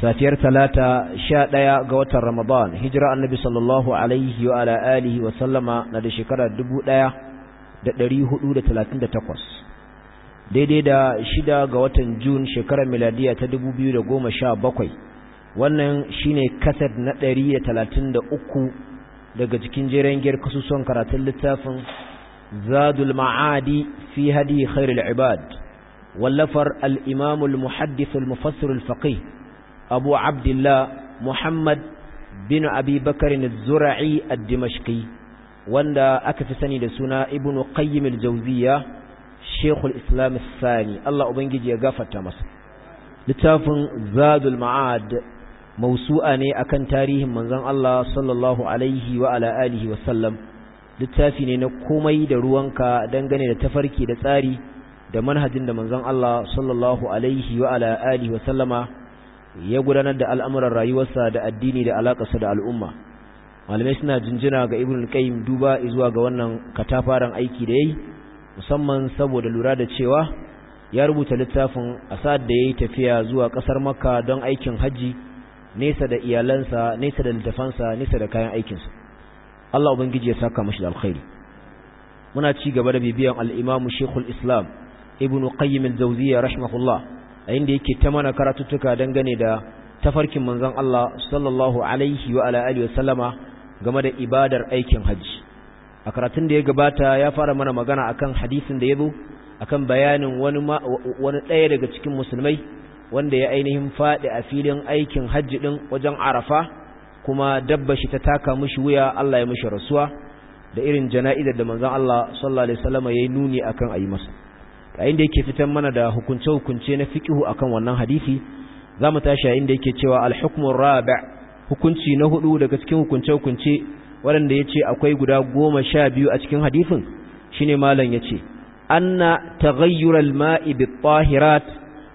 safiyar talata sha ɗaya ga watan ramadan hijira annabi sallallahu alaihi wa ala wa sallama na da shekara dubu ɗaya da ɗari hudu da talatin da takwas daidai da shida ga watan jun shekarar miladiya ta dubu biyu da goma sha bakwai wannan shine kasar na ɗari da talatin da uku daga cikin jeren giyar kasusuwan karatun littafin zadul ma'adi fi hadi khairul ibad wallafar al-imamul muhaddithul mufassirul faqih abu abdullah muhammad bin abi bakarin zura'i ad-dimashqi wanda aka fi sani da suna ibnu qayyim al-jawziya shaykhul islam al-thani Allah ubangiji ya gafarta masa littafin zadul ma'ad mausu'a ne akan tarihin manzon Allah sallallahu alaihi wa wa sallam littafi ne na komai da ruwanka dangane da tafarki da tsari da manhajin da manzon Allah sallallahu alaihi wa wa sallama ya gudanar da al'amuran rayuwarsa da addini da alaƙarsa da al'umma malamai suna jinjina ga ibn qayyim duba zuwa ga wannan katafaren aiki da yayi musamman saboda lura da cewa ya rubuta littafin asad da ya yi tafiya zuwa ƙasar makka don aikin hajji nesa da iyalansa nesa da littafansa nesa da kayan aikinsa Allah ubangiji ya saka mashi da alkhairi muna ci gaba da bibiyan al-imam islam ibn qayyim al-jawziyya rahimahullah a inda yake ta mana karatuttuka dangane da tafarkin manzon Allah sallallahu alaihi wa ala alihi wasallama game da ibadar aikin hajji a karatun da ya gabata ya fara mana magana akan hadisin da ya zo akan bayanin wani wani ɗaya daga cikin musulmai wanda ya ainihin faɗi a filin aikin hajji din wajen Arafa kuma dabba shi ta taka mishi wuya Allah ya mushi rasuwa da irin jana'izar da manzon Allah sallallahu alaihi wasallama yayi nuni akan ayi masa yayin inda yake fitan mana da hukunce hukunce na fiqhu akan wannan hadisi mu tashi yayin da yake cewa al rabi' hukunci na hudu daga cikin hukunce hukunce wanda yace akwai guda goma sha biyu a cikin hadisin shine malam yace anna taghayyur al-ma'i bit-tahirat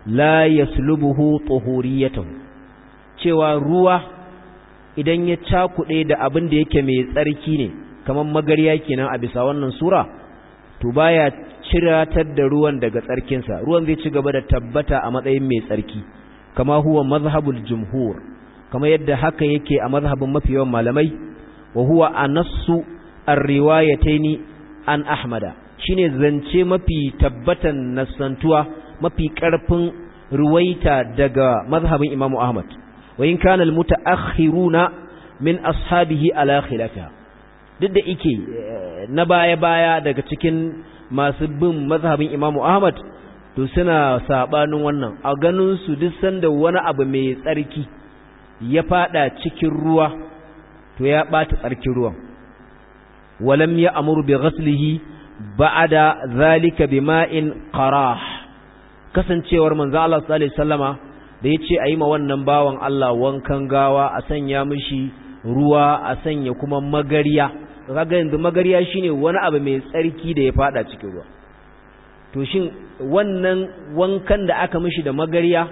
la yaslubuhu cewa ruwa idan ya cakuɗe da abin da yake mai tsarki ne kamar magariya kenan a bisa wannan sura to baya ciratar da ruwan daga tsarkinsa ruwan zai ci gaba da tabbata a matsayin mai tsarki kama huwa mazhabul jumhur kama yadda haka yake a mazhabin mafi yawan malamai wa huwa anassu ar an ahmada shine zance mafi tabbatan nasantuwa mafi karfin ruwaita daga mazhabin imamu ahmad wa in kana al-mutaakhiruna min ashabihi ala khilafihi duk da ike eh, na baya-baya daga cikin masu bin mazhabin imamu ahmad to suna sabanin wannan a ganin duk sanda wani abu mai tsarki ya fada cikin ruwa to ya bata tsarkin ruwan walam ya amuru bi ghaslihi ba'da zalika bima'in qarah kasancewar manzo Allah sallallahu alaihi wasallama da yace ayi ma wannan bawan Allah wankan gawa a sanya mishi ruwa a sanya kuma magariya to kaga yanzu magariya shine wani abu mai tsarki da ya fada cikin ruwa to shin wannan wankan da aka mishi da magariya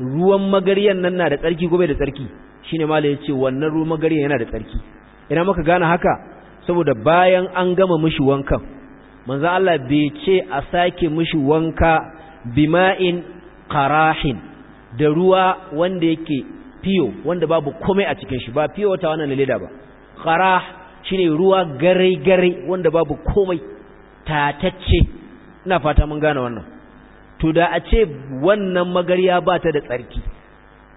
ruwan magariyan nan na da tsarki ko bai da tsarki shine mala yace wannan ruwan magarya yana da tsarki ina muka gane haka saboda bayan an gama mishi wankan manzo Allah bai ce a sake mishi wanka bima'in qarahin da ruwa wanda yake fiyo wanda babu komai a cikin shi ba fiyo ta wannan leda ba qarah shine ruwa gare-gare wanda babu komai tatacce ina fata mun gane wannan to da a ce wannan magarya ba ta da tsarki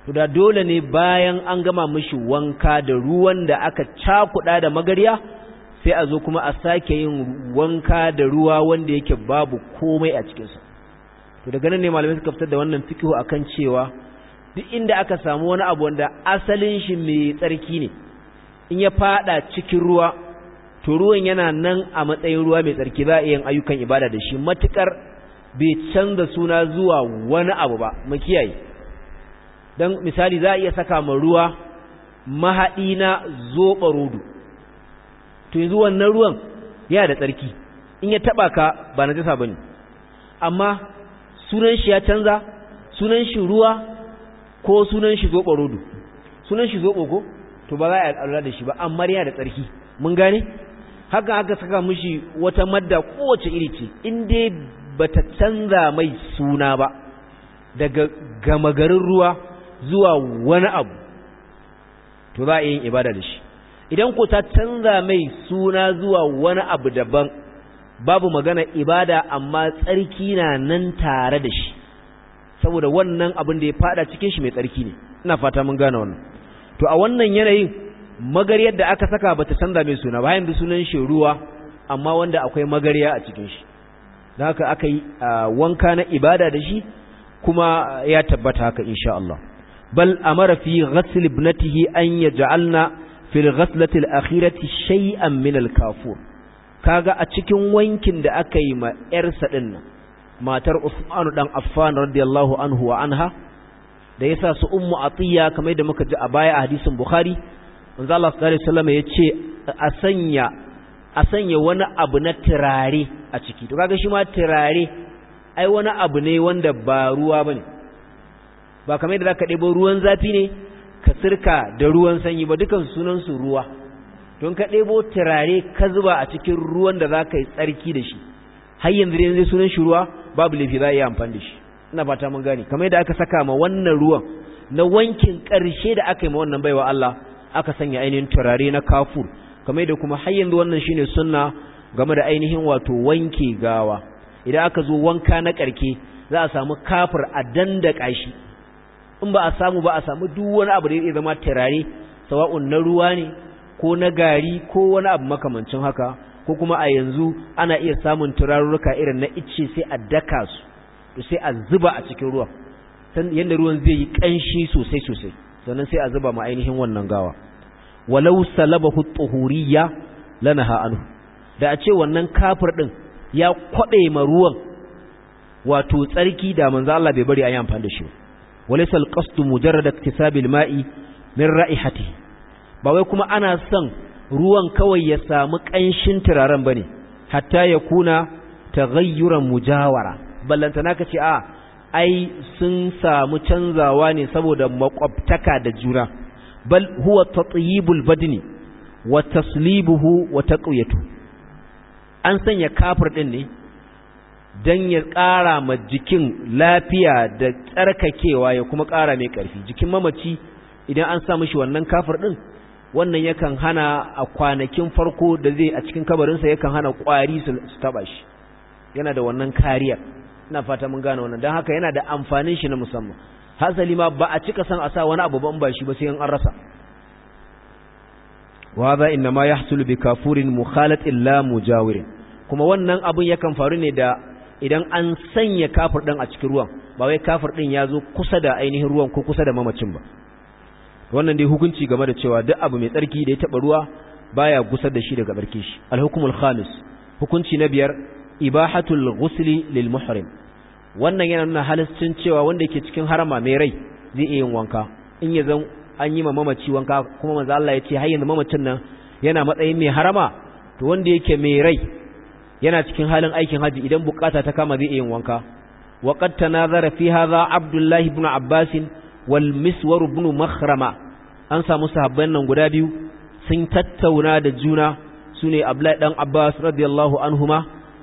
to da dole ne bayan an gama mishi wanka da ruwan da aka cakuɗa da magarya sai a zo kuma a sake yin wanka da ruwa wanda yake babu komai a cikinsa to daga nan ne malamai suka fitar da wannan fikihu akan cewa duk inda aka samu wani abu wanda asalin shi mai tsarki ne in ya fada cikin ruwa to ruwan yana nan a matsayin ruwa mai tsarki za a yin ayyukan ibada da shi matukar bai canza suna zuwa wani abu ba mu kiyaye dan misali za a iya saka ma ruwa mahaɗi na zoba rodo to yanzu wannan ruwan yana da tsarki in ya taɓa ka ba na jasa bane amma sunan shi ya canza sunan shi ruwa ko sunan shi zoba rodo sunan shi zobo ko to ba za a alwala da shi ba amma da tsarki mun gane haka aka saka mishi wata madda kowace iri ce in dai bata canza mai suna ba daga gamagarin ruwa zuwa wani abu to za a yin ibada da shi idan ko ta canza mai suna zuwa wani abu daban babu magana ibada amma tsarki na nan tare da shi saboda wannan abin da ya fada cikin shi mai tsarki ne ina fata mun gane wannan to a wannan yanayin magaryar da aka saka bata canza mai suna ba yanzu sunan shi ruwa amma wanda akwai magarya a cikin shi don haka aka yi wanka na ibada da shi kuma ya tabbata haka insha Allah bal amara fi ghasl ibnatihi an yaj'alna fil ghaslati al akhirati shay'an min al kafur kaga a cikin wankin da aka yi ma yarsa din nan matar Usman dan Affan radiyallahu anhu wa anha da yasa su ummu atiya kamar da muka ji a baya a hadisin bukhari manzo Allah sallallahu alaihi wasallam yace a sanya a sanya wani abu na turare a ciki to kaga shi ma turare ai wani abu ne wanda ba ruwa bane ba kamar da zaka ɗebo ruwan zafi ne ka sirka da ruwan sanyi ba dukan sunan su ruwa don ka ɗebo tirare ka zuba a cikin ruwan da zaka yi tsarki da shi har yanzu dai sunan shi ruwa babu lafi za a yi amfani da shi ina fata mun gani kamar yadda aka saka ma wannan ruwan na wankin ƙarshe da aka yi ma wannan baiwa Allah aka sanya ainihin turare na kafur kamar yadda kuma har yanzu wannan shine sunna game da ainihin wato wanke gawa idan aka zo wanka na ƙarke za a samu kafur a danda shi in ba a samu ba a samu duk wani abu da ya zama turare sawa'un na ruwa ne ko na gari ko wani abu makamancin haka ko kuma a yanzu ana iya samun turarurruka irin na icce sai a daka su to sai a zuba a cikin ruwan yadda ruwan zai yi ƙanshi sosai sosai sannan sai a zuba ma ainihin wannan gawa walau salabahu tuhuriyya lanaha anhu da a ce wannan kafir din ya kwaɗe ma ruwan wato tsarki da manzo Allah bai bari ayi amfani da shi walaysa alqasdu mujarrad iktisab alma'i min ra'ihatihi ba wai kuma ana son ruwan kawai ya samu kanshin turaren bane hatta ya kuna taghayyuran mujawara ballantana ka ce a ai sun samu canzawa ne saboda makwabtaka da juna bal huwa tatyibul badni wa taslibuhu wa taqwiyatu an sanya kafir din ne dan ya ƙara ma jikin lafiya da tsarkakewa ya kuma ƙara mai ƙarfi jikin mamaci idan an sa mishi wannan kafir din wannan yakan hana a kwanakin farko da zai a cikin kabarinsa yakan hana ƙwari su taba shi yana da wannan kariya ina fata mun gane wannan don haka yana da amfanin shi na musamman hasali ma ba a cika san a sa wani abu ban ba shi ba sai an rasa wa za inna ma yahsul bi kafurin mukhalat illa mujawirin kuma wannan abun yakan faru ne da idan an sanya kafir din a cikin ruwan ba wai kafir din ya zo kusa da ainihin ruwan ko kusa da mamacin ba wannan dai hukunci game da cewa duk abu mai tsarki da ya taba ruwa baya gusar da shi daga barke shi al khamis hukunci na biyar ibahatul ghusli lil muhrim wannan yana nuna cin cewa wanda ke cikin harama mai rai zai iya yin wanka in ya zan an yi ma mamaci wanka kuma manzo Allah ya ce har yanzu mamacin nan yana matsayin mai harama to wanda yake mai rai yana cikin halin aikin haji idan bukata ta kama zai iya yin wanka wa qad tanazara fi hadha Abdullah ibn Abbas wal Miswar ibn Makhrama an samu sahabban nan guda biyu sun tattauna da juna sune Abdullah dan Abbas radiyallahu anhuma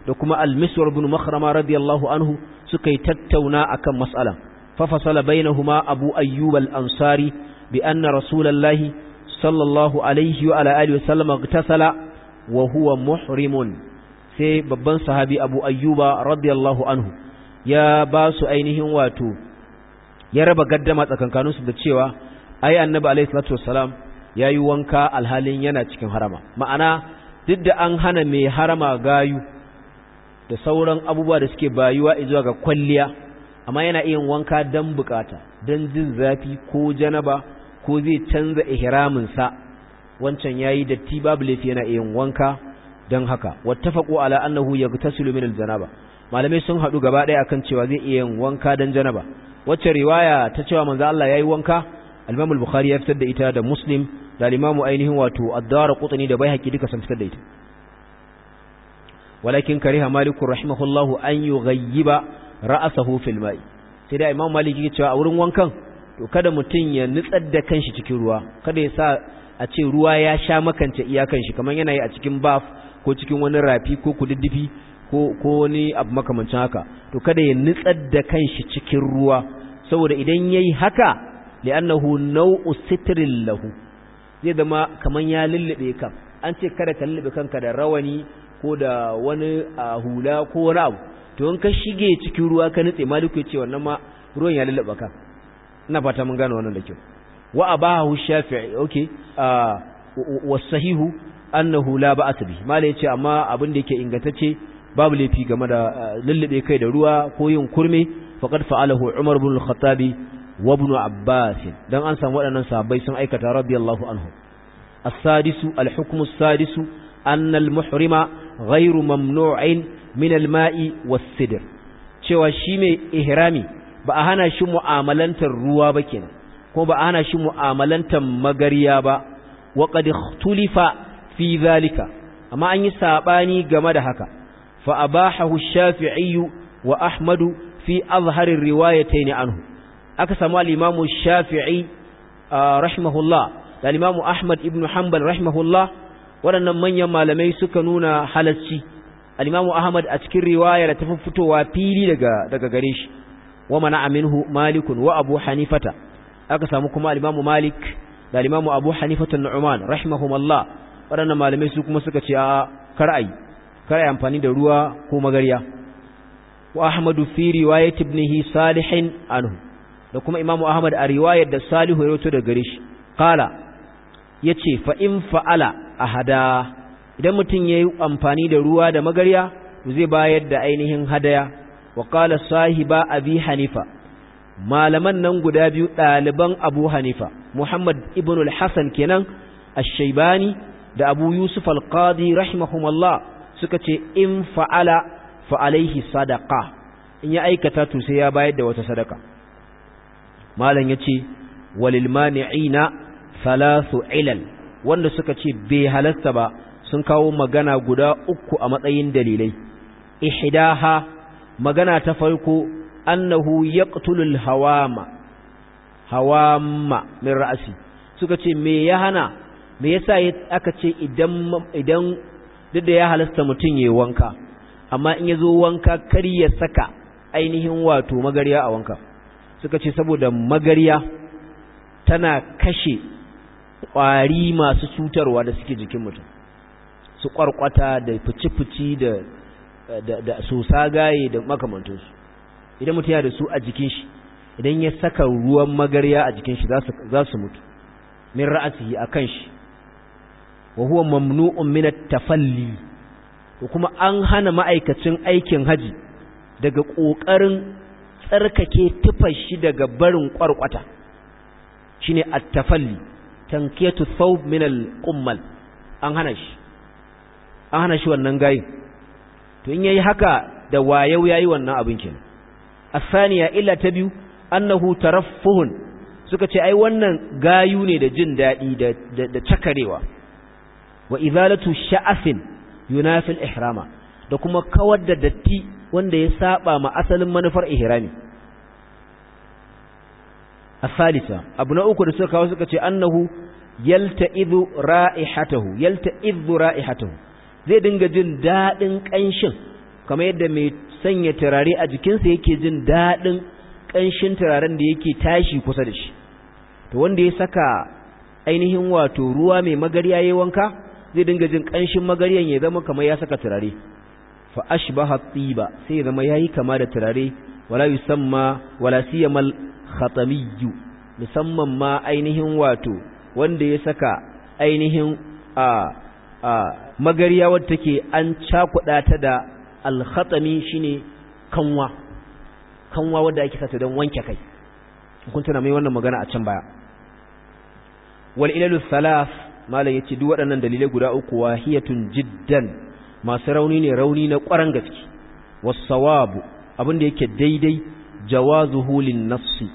da kuma al Miswar ibn Makhrama radiyallahu anhu suka yi tattauna akan mas'alan fa fasala bainahuma abu ayyubal ansari bi anna rasulullahi sallallahu alaihi wa ala alihi ta'sala. wa huwa muhrimun sai babban sahabi abu ayyuba radiyallahu anhu ya ba su ainihin wato ya raba gaddama tsakankaninsu da cewa ai annabi alaihi salatu ya yayi wanka alhalin yana cikin harama ma'ana duk da an hana mai harama gayu da sauran abubuwa da suke bayuwa zuwa ga kwalliya amma yana iya wanka don bukata don jin zafi ko janaba ko zai canza ihraminsa wancan yayi datti babu laifi yana iya wanka don haka wattafaqu ala annahu yaghtasilu min aljanaba malamai sun hadu gaba daya akan cewa zai iya wanka don janaba wacce riwaya ta cewa manzo Allah yayi wanka al-Imam al-Bukhari ya fitar da ita da Muslim da al-Imam ainihin wato ad-Darqutni da Baihaqi duka sun fitar da ita walakin kariha maliku rahimahullahu an yughayyiba ra'sahu fil ma'i sai da imam malik yake cewa a wurin wankan to kada mutum ya nitsa da kanshi cikin ruwa kada ya sa a ce ruwa ya sha makance iyakan shi kamar yana yi a cikin baf ko wani rafi ko kududdufi ko ko abu makamancin haka to kada ya nutsar da kanshi cikin ruwa saboda idan yayi haka li'annahu naw'u sitrin lahu zai zama kaman ya lullube kan an ce kada ka lullube kanka da rawani ko da wani a hula ko wani abu to in ka shige cikin ruwa ka nutse maliku ya ce wannan ma ruwan ya lullaba ka ina fata mun gane wannan da kyau wa abahu shafi'i okay an annahu la ba'ata bi mala ce amma abin da yake ingantacce babu laifi game da lullube kai da ruwa ko yin kurme faqad fa'alahu umar ibn al-khattab wa ibn abbas dan an san waɗannan sahabbai sun aikata radiyallahu anhu as-sadisu al-hukmu as-sadisu anna muhrima ghairu mamnu'in min al cewa shi mai ihrami ba a hana shi mu'amalantar ruwa ba kenan kuma ba a hana shi mu'amalantar magariya ba wa qad ikhtulifa fi zalika amma an yi sabani game da haka fa abahahu ash-shafi'i wa ahmadu fi azharir riwayatayn anhu aka samu al-imamu shafi'i ah, rahimahullah da al-imamu ahmad ibn hanbal rahimahullah waɗannan manyan malamai suka nuna halacci al ahmad a cikin riwayar ta fitowa fili daga daga gare shi wa mana aminhu malikun wa abu hanifata aka samu kuma Alimamu malik da Alimamu abu hanifata nu'man rahimahumullah waɗannan malamai su kuma suka ce a kar'ai kar'ai amfani da ruwa ko magarya wa ahmadu fi riwayat ibnihi salihin anhu da kuma imamu ahmad a riwayar da salihu ya rawaito daga gare shi qala yace fa in fa'ala ahada idan mutum yayi amfani da ruwa da magarya zai bayar da ainihin hadaya wa sahiba abi hanifa malaman nan guda biyu ɗaliban abu hanifa muhammad ibn al kenan ashaibani da abu yusuf al-qadi rahimahumallah suka ce in fa'ala fa'alaihi sadaka in ya aikata to sai ya bayar da wata sadaka malam yace walil mani'ina thalathu ilal wanda suka ce bai halasta ba sun kawo magana guda uku a matsayin dalilai ihdaha magana ta farko annahu yaqtulul hawama hawama min ra'si suka ce me ya hana me yasa aka ce idan idan duk da ya halasta mutun yayi wanka amma in yazo wanka kar ya saka ainihin wato magariya a wanka suka ce saboda magariya tana kashe ƙwari masu cutarwa da suke jikin mutum su ƙwarƙwata da fici-fici da sosa gaye da makamantansu idan mutum ya da su a jikin shi idan ya saka ruwan magarya a jikin shi za su mutu min ra'asihi a kan shi wa huwa mamnu'un min at-tafalli ko kuma an hana ma'aikacin aikin haji daga ƙoƙarin tsarkake tufar shi daga barin ƙwarƙwata shine at-tafalli tankiyatu thawb min al-qummal an hana shi an hana shi wannan gayi to in yayi haka da wayau yayi wannan abin kenan asaniya illa ta biyu annahu taraffuhun suka ce ai wannan gayu ne da jin dadi da da cakarewa wa izalatu sha'afin yunafil ihrama da kuma kawar da datti wanda ya saba ma asalin manufar ihrami الثالثة أبناؤك رسولك وسكة أنه يلتئذ رائحته يلتئذ رائحته zai dinga jin daɗin ƙanshin kamar yadda mai sanya turare a jikinsa yake jin daɗin ƙanshin turaren da yake tashi kusa da shi to wanda ya saka ainihin wato ruwa mai magarya yayin wanka zai dinga jin ƙanshin magariyan ya zama kamar ya saka turare fa ashbaha ba sai ya zama kama da turare wala yusamma wala siyamal khatamiyyu musamman ma ainihin wato wanda ya saka ainihin a a magariya wadda take an cakuɗa ta da alkhatami shine kanwa kanwa wadda ake sata don wanke kai kun tana mai wannan magana a can baya wal ilalu salaf malam yace duk waɗannan dalilai guda uku wahiyatun jiddan masu rauni ne rauni na ƙwaran gaske wasawabu abin da yake daidai jawazuhu lin nafsi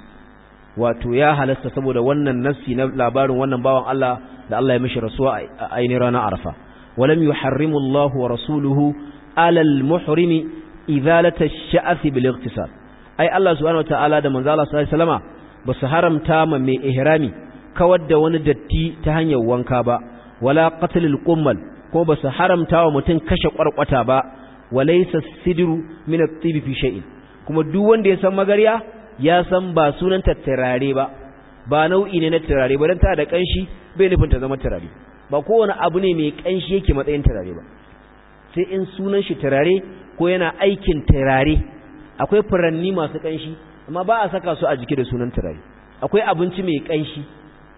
wato ya halasta saboda wannan nassi na labarin wannan bawan Allah da Allah ya mishi rasuwa a ainihin ranar arfa walam yuharrimu Allah wa rasuluhu alal muhrimi izalata sha'afi bil iqtisar ai Allah subhanahu wataala da manzo Allah sallallahu alaihi wasallama basu haramta ma mai ihrami kawar da wani datti ta hanyar wanka ba wala qatlil qummal ko basu haramta wa mutum kashe kwarkwata ba walaysa sidru min at-tib fi shay'in kuma duk wanda ya san magariya ya san ba sunanta turare ba ba nau'i ne na turare ba don ta da kanshi bai nufin ta zama turare ba kowane abu ne mai kanshi yake matsayin turare ba sai in sunan shi turare ko yana aikin turare akwai furanni masu kanshi amma ba a saka su a jiki da sunan turare akwai abinci mai kanshi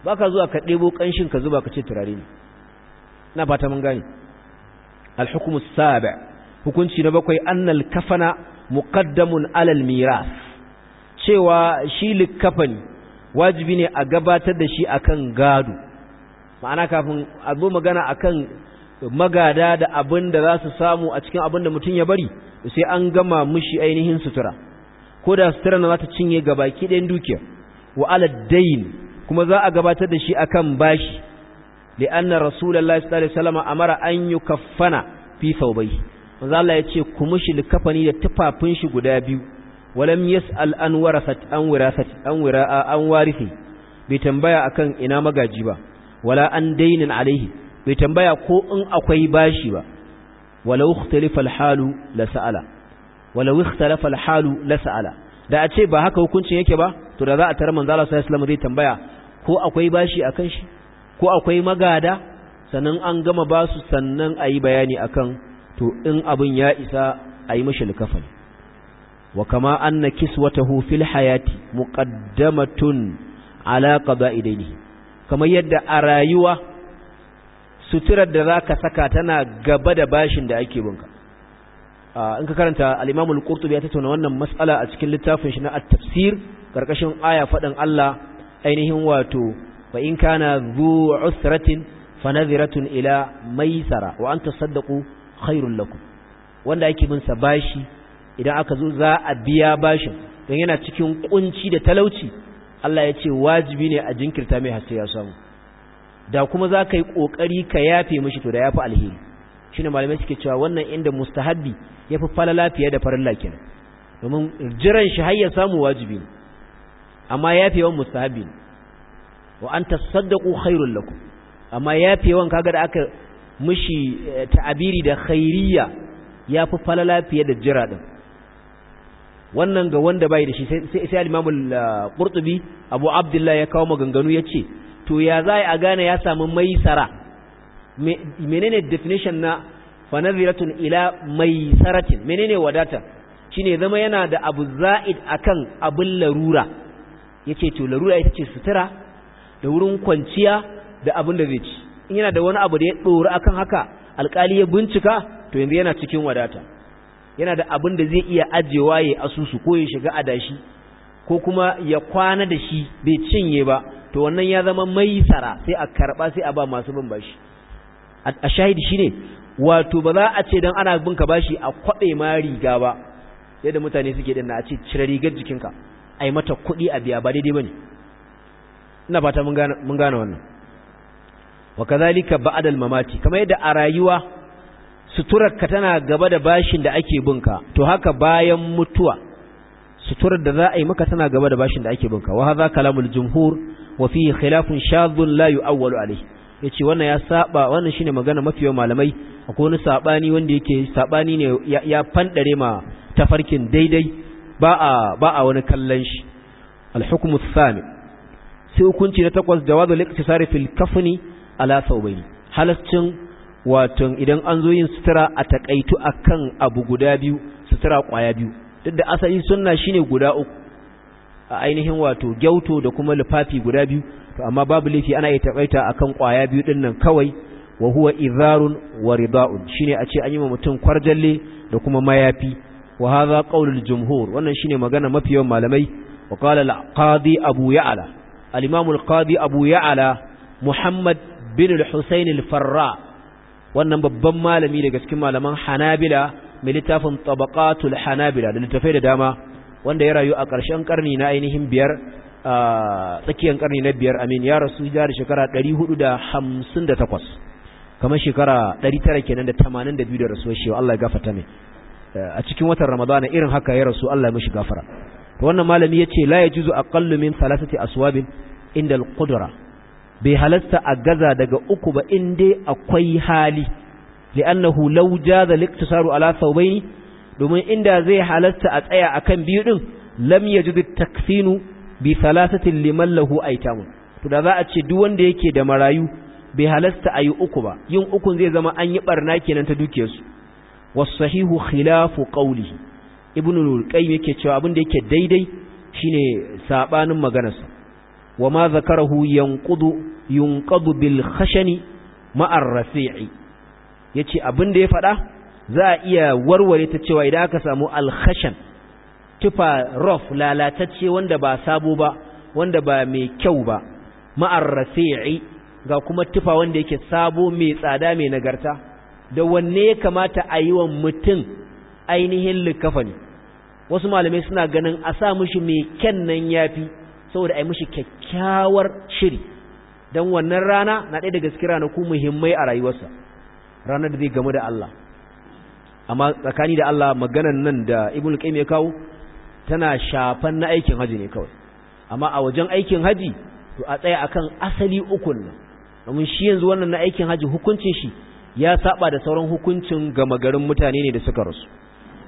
ba ka zuwa ka ɗebo kanshin ka zuba ka ce turare ne na fata mun gane alhukumus hukunci na bakwai annal kafana muqaddamun alal miras cewa shi likafani wajibi ne a gabatar da shi akan gado ma'ana kafin a zo magana akan magada da abin da za su samu a cikin abin da mutum ya bari sai an gama mushi ainihin sutura ko da sutura na za ta cinye baki ɗayan dukiya wa aladdain kuma za a gabatar da shi akan bashi li'anna rasulullahi sallallahu alaihi wasallam amara an yukaffana fi bai. manzo Allah ya ce ku mushi likafani da tufafin shi guda biyu ولم يسأل أن ورثت an wirasat an وراء an وارثي bai tambaya إنا ina ولا ba wala an dainin كو bai tambaya ko in akwai bashi ba walau ikhtalafa al-halu da a ce ba haka hukuncin yake ba to da za a tarar manzo Allah sallallahu zai tambaya ko akwai bashi akan shi ko akwai magada sannan an gama basu sannan ayi bayani akan to in abin ya isa ayi mashi likafani wa kama anna kiswatahu fil hayati muqaddamatun ala qada'idihi kamar yadda a rayuwa suturar da zaka saka tana gaba da bashin da ake binka in ka karanta al-Imam al-Qurtubi ya tattauna wannan mas'ala a cikin littafin shi na at-tafsir karkashin aya fadin Allah ainihin wato fa in kana zu usratin fanadhiratun ila maisara wa an tasaddaqu khairul lakum wanda ake bin sa bashi idan aka zo za a biya bashin don yana cikin kunci da talauci Allah ya ce wajibi ne a jinkirta mai haske ya samu da kuma za ka yi ƙoƙari ka yafe mishi to da ya fi alheri shi ne malamai suke cewa wannan inda mustahabbi ya fi falala fiye da farin lakin domin jiran shi har ya samu wajibi ne amma yawan mustahabbi ne wa an tasaddaqu khairun lakum amma yawan kaga da aka mishi eh, ta'abiri da khairiyya ya fi falala fiye da jira din wannan ga wanda bai da shi sai sai al-imamul uh, qurtubi abu abdullah ya kawo maganganu yace to ya zai a gane ya samu maisara menene definition na fanadhiratun ila maisaratin menene wadata shine zama yana da abu za'id akan abin larura yace to larura ita ce sutura da wurin kwanciya da abin da zai ci in yana da wani abu da ya dora akan haka alkali ya bincika to yanzu yana cikin wadata yana da abin da zai iya ajewa ya asusu ko ya shiga adashi ko kuma ya kwana da shi bai cinye ba to wannan ya zama mai tsara sai a karba sai a ba masu bin bashi a shahidi shine wato ba za a ce dan ana bin ka bashi a kwabe ma riga ba yadda mutane suke dinna a ce cire rigar jikinka ai mata kuɗi a biya ba daidai bane ina fata mun gane wannan wa kadhalika ba'dal mamati kamar yadda a rayuwa Suturar ka tana gaba da bashin da ake binka to haka bayan mutuwa suturar da za a yi maka tana gaba da bashin da ake binka wa hadha kalamul jumhur wa fihi khilafun shadhun la yu'awwalu alayhi yace wannan ya saba wannan shine magana mafi yawan malamai akwai wani sabani wanda yake sabani ne ya fandare ma tafarkin daidai ba a ba a wani kallon shi al-hukmu sai hukunci na takwas jawazul iktisari fil kafni ala thawbayn halaccin wato idan an zo yin sutura a takaitu akan abu guda biyu sutura kwaya biyu duk da asali sunna shine guda uku a ainihin wato gyauto da kuma lifafi guda biyu to amma babu laifi ana yi takaita akan kwaya biyu din nan kawai wa huwa izarun wa rida'un shine a ce an yi wa mutum kwarjalle da kuma mayafi wa hadha qaulul jumhur wannan shine magana mafi yawan malamai wa qala al-qadi abu ya'la al-imam al-qadi abu ya'la muhammad bin al-husayn al-farra wannan babban malami daga cikin malaman hanabila mai littafin tabaqatul hanabila da littafai da dama wanda ya rayu a ƙarshen ƙarni na ainihin biyar a tsakiyar karni na biyar amin ya rasu da shekara 458 kamar shekara 900 kenan da 82 da rasuwar shi Allah ya gafarta mai a cikin watan ramadana irin haka ya rasu Allah ya mishi gafara to wannan malami yace la yajuzu aqallu min thalathati aswabin inda al-qudra bai halatta a gaza daga uku ba in dai akwai hali li'annahu law jaza liktisaru ala thawbayn domin inda zai halatta a tsaya akan biyu din lam yajid taksinu bi thalathatin liman lahu aitamun to da za a ce duk wanda yake da marayu bai halatta ayi uku ba yin ukun zai zama an yi barna kenan ta dukiyarsu was sahihu khilafu qawlihi ibnu al-qayyim yake cewa abin da yake daidai shine sabanin maganarsa wa ma zakarahu yanqudu yunqadu bil khashani ma'ar yace abin da ya faɗa za a iya warware ta cewa idan aka samu alkhashan. tufa rough lalatacce wanda ba sabo ba wanda ba mai kyau ba ma'ar rafi'i ga kuma tufa wanda yake sabo mai tsada mai nagarta da wanne ya kamata a yi wa mutum ainihin likafani wasu malamai suna ganin a sa mushi mai kyan nan yafi saboda ai mushi kyakkyawar shiri dan wannan rana na ɗaya daga cikin ranaku muhimmai a rayuwarsa ranar da zai gamu da Allah amma tsakani da Allah maganan nan da Ibn Qayyim ya kawo tana shafan na aikin haji ne kawai amma a wajen aikin haji to a tsaya akan asali ukun nan domin shi yanzu wannan na aikin haji hukuncin shi ya saba da sauran hukuncin gama garin mutane ne da suka rasu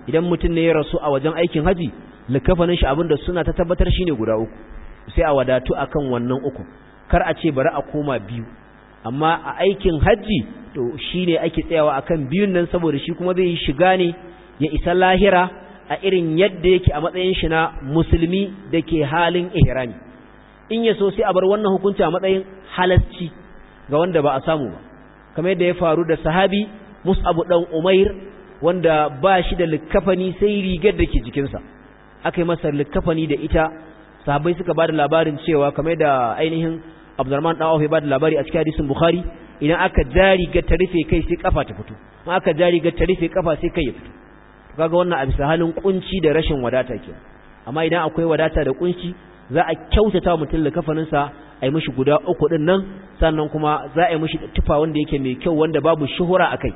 idan mutum ne ya rasu a wajen aikin haji likafanin shi abinda suna ta tabbatar shine guda uku sai a wadatu akan wannan uku kar a ce bari a koma biyu amma a aikin hajji to shine ake tsayawa akan biyun nan saboda shi kuma zai shiga ne ya isa lahira a irin yadda yake a matsayin shi na musulmi da ke halin ihrami in ya so sai a bar wannan hukunci a matsayin halasci ga wanda ba a samu ba kamar yadda ya faru da sahabi mus'abu dan umair wanda ba shi da likafani sai rigar da ke jikinsa aka yi masa likafani da ita sahabbai suka bada labarin cewa kamar da ainihin Abdurrahman dan Auf ya bada labari a cikin hadisin Bukhari idan aka jari ga ta rufe kai sai kafa ta fito in aka jari ga ta rufe kafa sai kai ya fito to kaga wannan a bisa halin kunci da rashin wadata ke amma idan akwai wadata da kunci za a kyautata mutum da sa a yi mishi guda uku din nan sannan kuma za a yi mishi tufa wanda yake mai kyau wanda babu shuhura a kai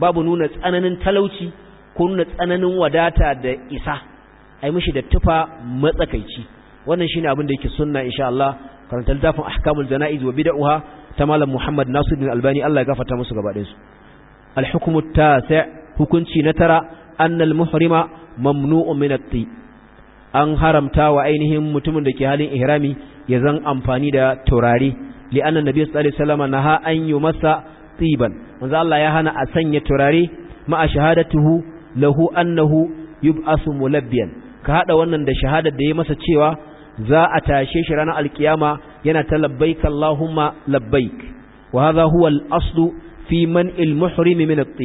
babu nuna tsananin talauci ko nuna tsananin wadata da isa a yi mishi da tufa matsakaici wannan shine abin da yake sunna insha Allah karanta littafin ahkamul janaiz wa bid'uha ta malam Muhammad bin Albani Allah ya gafarta musu gaba ɗayansu al-hukmu tasi hukunci na tara annal muhrima mamnu'un min at-ti an haramta wa ainihin mutumin da ke halin ihrami ya zan amfani da taurari li anna nabi sallallahu alaihi wasallam naha an yumassa tiban manzo Allah ya hana a sanya turare ma'a shahadatuhu lahu annahu yub'asu mulabbiyan ka hada wannan da shahadar da ya masa cewa za a tashe shi ranar alkiyama yana ta labbaik Allahumma labbaik wa hadha huwa al-aslu fi man al-muhrim min at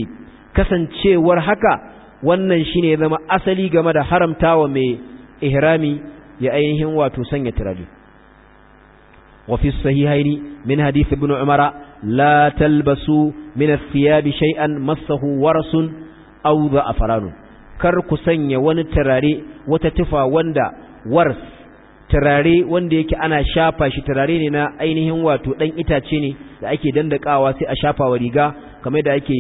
kasancewar haka wannan shine zama asali game da haramtawa mai ihrami ya ainihin wato sanya turare wa fi sahihaini min hadith ibn umara la talbasu min ath-thiyab shay'an massahu warasun aw Faranu. kar ku sanya wani turare wata tufa wanda wars turare wanda yake ana shafa shi turare ne na ainihin wato dan itace ne da ake dandakawa sai a shafa wa riga kamar da ake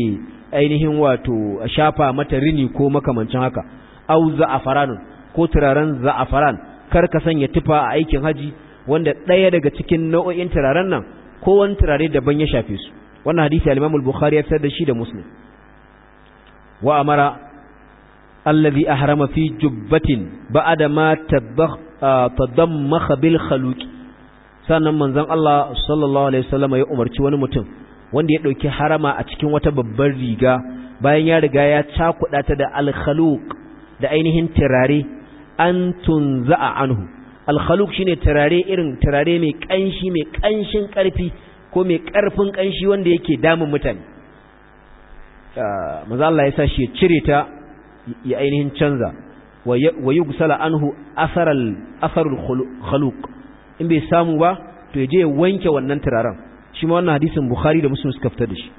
ainihin wato a shafa mata rini ko makamancin haka au za'afaran ko turaren za'afaran kar ka sanya tufa a aikin haji wanda ɗaya daga cikin nau'o'in turaren nan ko wani turare daban ya shafe su wannan hadisi al-Imam al-Bukhari ya fitar da shi da Muslim wa amara allazi ahrama fi jubbatin ba'adama ma tabakh tadammakha bil khaluqi sannan manzon Allah sallallahu alaihi wasallam ya umarci wani mutum wanda ya dauki harama a cikin wata babbar riga bayan ya riga ya cakuɗa ta da al khaluq da ainihin turare an za'a anhu al khaluq shine turare irin turare mai kanshi mai kanshin karfi ko mai karfin kanshi wanda yake damun mutane manzon Allah ya sa shi ya cire ta ya ainihin canza wa yugsala anhu asaral asarul khaluq in bai samu ba to ya je ya wanke wannan turaren shi ma wannan hadisin bukhari da muslim suka fitar da shi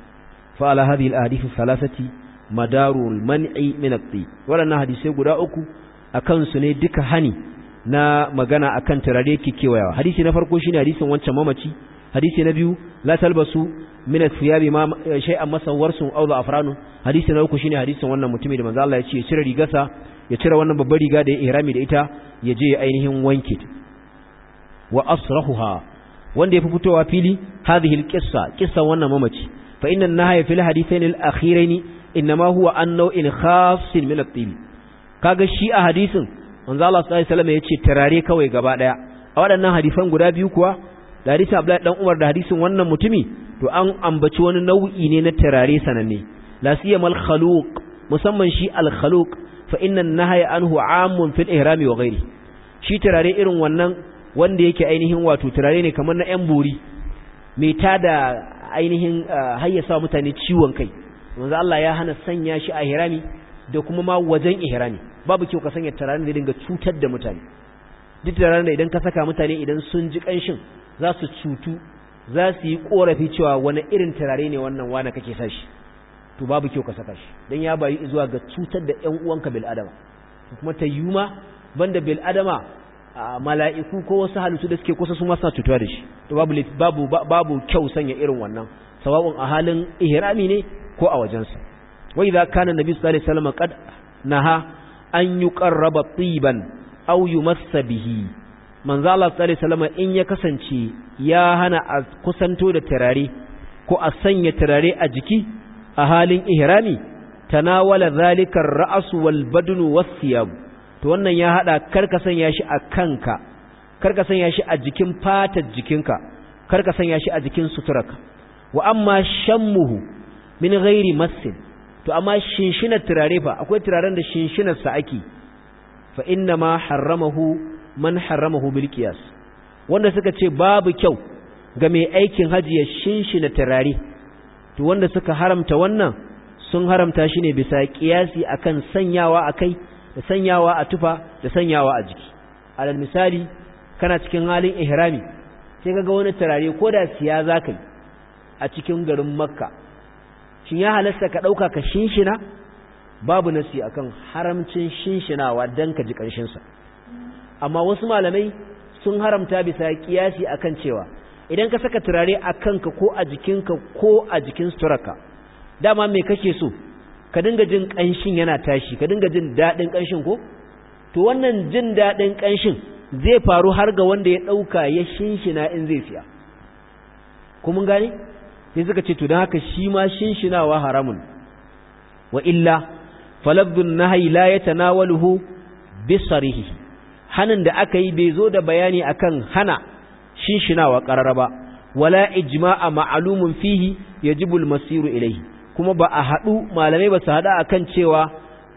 fa ala hadhihi al ahadith thalathati man'i hadisai guda uku ne duka hani na magana akan turare ke kewaya hadisi na farko shine hadisin wancan mamaci hadisi na biyu la talbasu min athiyabi ma eh, shay'an masawwarsun aw afranu hadisi na uku shine hadisin wannan mutumin da manzo Allah ya ce cire rigarsa ya cire wannan babbar riga da ya irami da ita ya je ainihin wanke wa asrahuha wanda yafi fitowa fili hadhihi alqissa qissa wannan mamaci fa inna nahaya fil hadithain al-akhirain inma huwa an naw'in khassin min at-tib kaga shi a hadisin manzo Allah sallallahu alaihi wasallam yace tarare kawai gaba daya a waɗannan hadisan guda biyu kuwa da hadisin Abdullahi dan Umar da hadisin wannan mutumi to an ambaci wani nau'i ne na tarare sananne la siyamal khaluq musamman shi al-khaluq fa innan nahaya anhu amun fil ihrami wa ghairi shi turare irin wannan wanda yake ainihin wato turare ne kamar na yan bori mai tada ainihin ah, hayyasa mutane ciwon kai manzo Allah ya hana sanya shi a ihrami da kuma ma wajen ihrami babu kyau ka sanya turare da dinga cutar da mutane duk turare da idan ka saka mutane idan sun ji kanshin za su cutu za su yi korafi cewa wani irin turare ne wannan wani kake sa shi to babu kyau ka saka shi dan ya bayi zuwa ga cutar da ƴan uwanka bil adama kuma ta banda bil adama mala'iku ko wasu halittu da suke kusa su ma suna cutuwa da shi to babu babu babu kyau sanya irin wannan sawabun a halin ihrami ne ko a wajensu. wa idza kana nabi sallallahu alaihi wasallam qad naha an yuqarraba tiban aw yumassa bihi manzo Allah sallallahu alaihi wasallam in ya kasance ya hana a kusanto da tarare ko a sanya tarare a jiki a halin ihrami tanawala zalika ar wal badn was siyab to wannan ya hada karka sanya shi a kanka karka sanya shi a jikin fatar jikinka karka sanya shi a jikin suturarka wa amma shammuhu min ghairi massin to amma shinshinar turare fa akwai turaren da shinshinar sa ake fa inna ma harramahu man harramahu bil qiyas wanda suka ce babu kyau ga mai aikin haji ya shinshina turare to wanda suka haramta wannan sun haramta shi ne bisa kiyasi akan sanyawa a kai da sanyawa a tufa da sanyawa a jiki alal misali kana cikin halin ihrami sai kaga wani turare ko da siya za ka yi a cikin garin makka shin ya halasta ka ɗauka ka shinshina babu nasi akan haramcin shinshinawa don ka ji ƙarshensa amma wasu malamai sun haramta bisa kiyasi akan cewa idan ka saka turare a kanka ko a jikinka ko a jikin suturarka dama mai kake so ka dinga jin ƙanshin yana tashi ka dinga jin daɗin ƙanshin ko to wannan jin daɗin ƙanshin zai faru har ga wanda ya ɗauka ya shinshina in zai siya kuma gane sai suka ce to don haka shi ma shinshinawa haramun wa illa falabdun nahayi la ya tanawaluhu bisarihi hanin da aka yi bai zo da bayani akan hana shinshinawa ƙarara ba wala ijma'a ma'lumun fihi yajibu al-masiru ilayhi kuma ba a haɗu malamai ba su haɗu akan cewa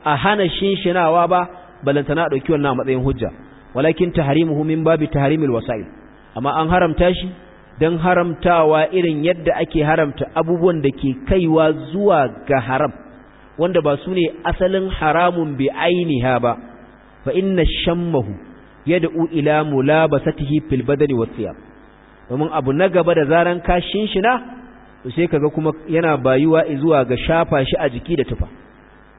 a hana shinshinawa ba balantana a ɗauki wannan a matsayin hujja walakin tahrimuhu min babi tahrimil wasail amma an haramta shi dan haramtawa irin yadda ake haramta abubuwan da ke kaiwa zuwa ga haram wanda ba su ne asalin haramun bi ainiha ba fa inna shammahu yad'u ila mulabasatihi fil badani was siyam domin abu na gaba da zaran ka shinshina to sai kaga kuma yana bayuwa zuwa ga shafa shi a jiki da tufa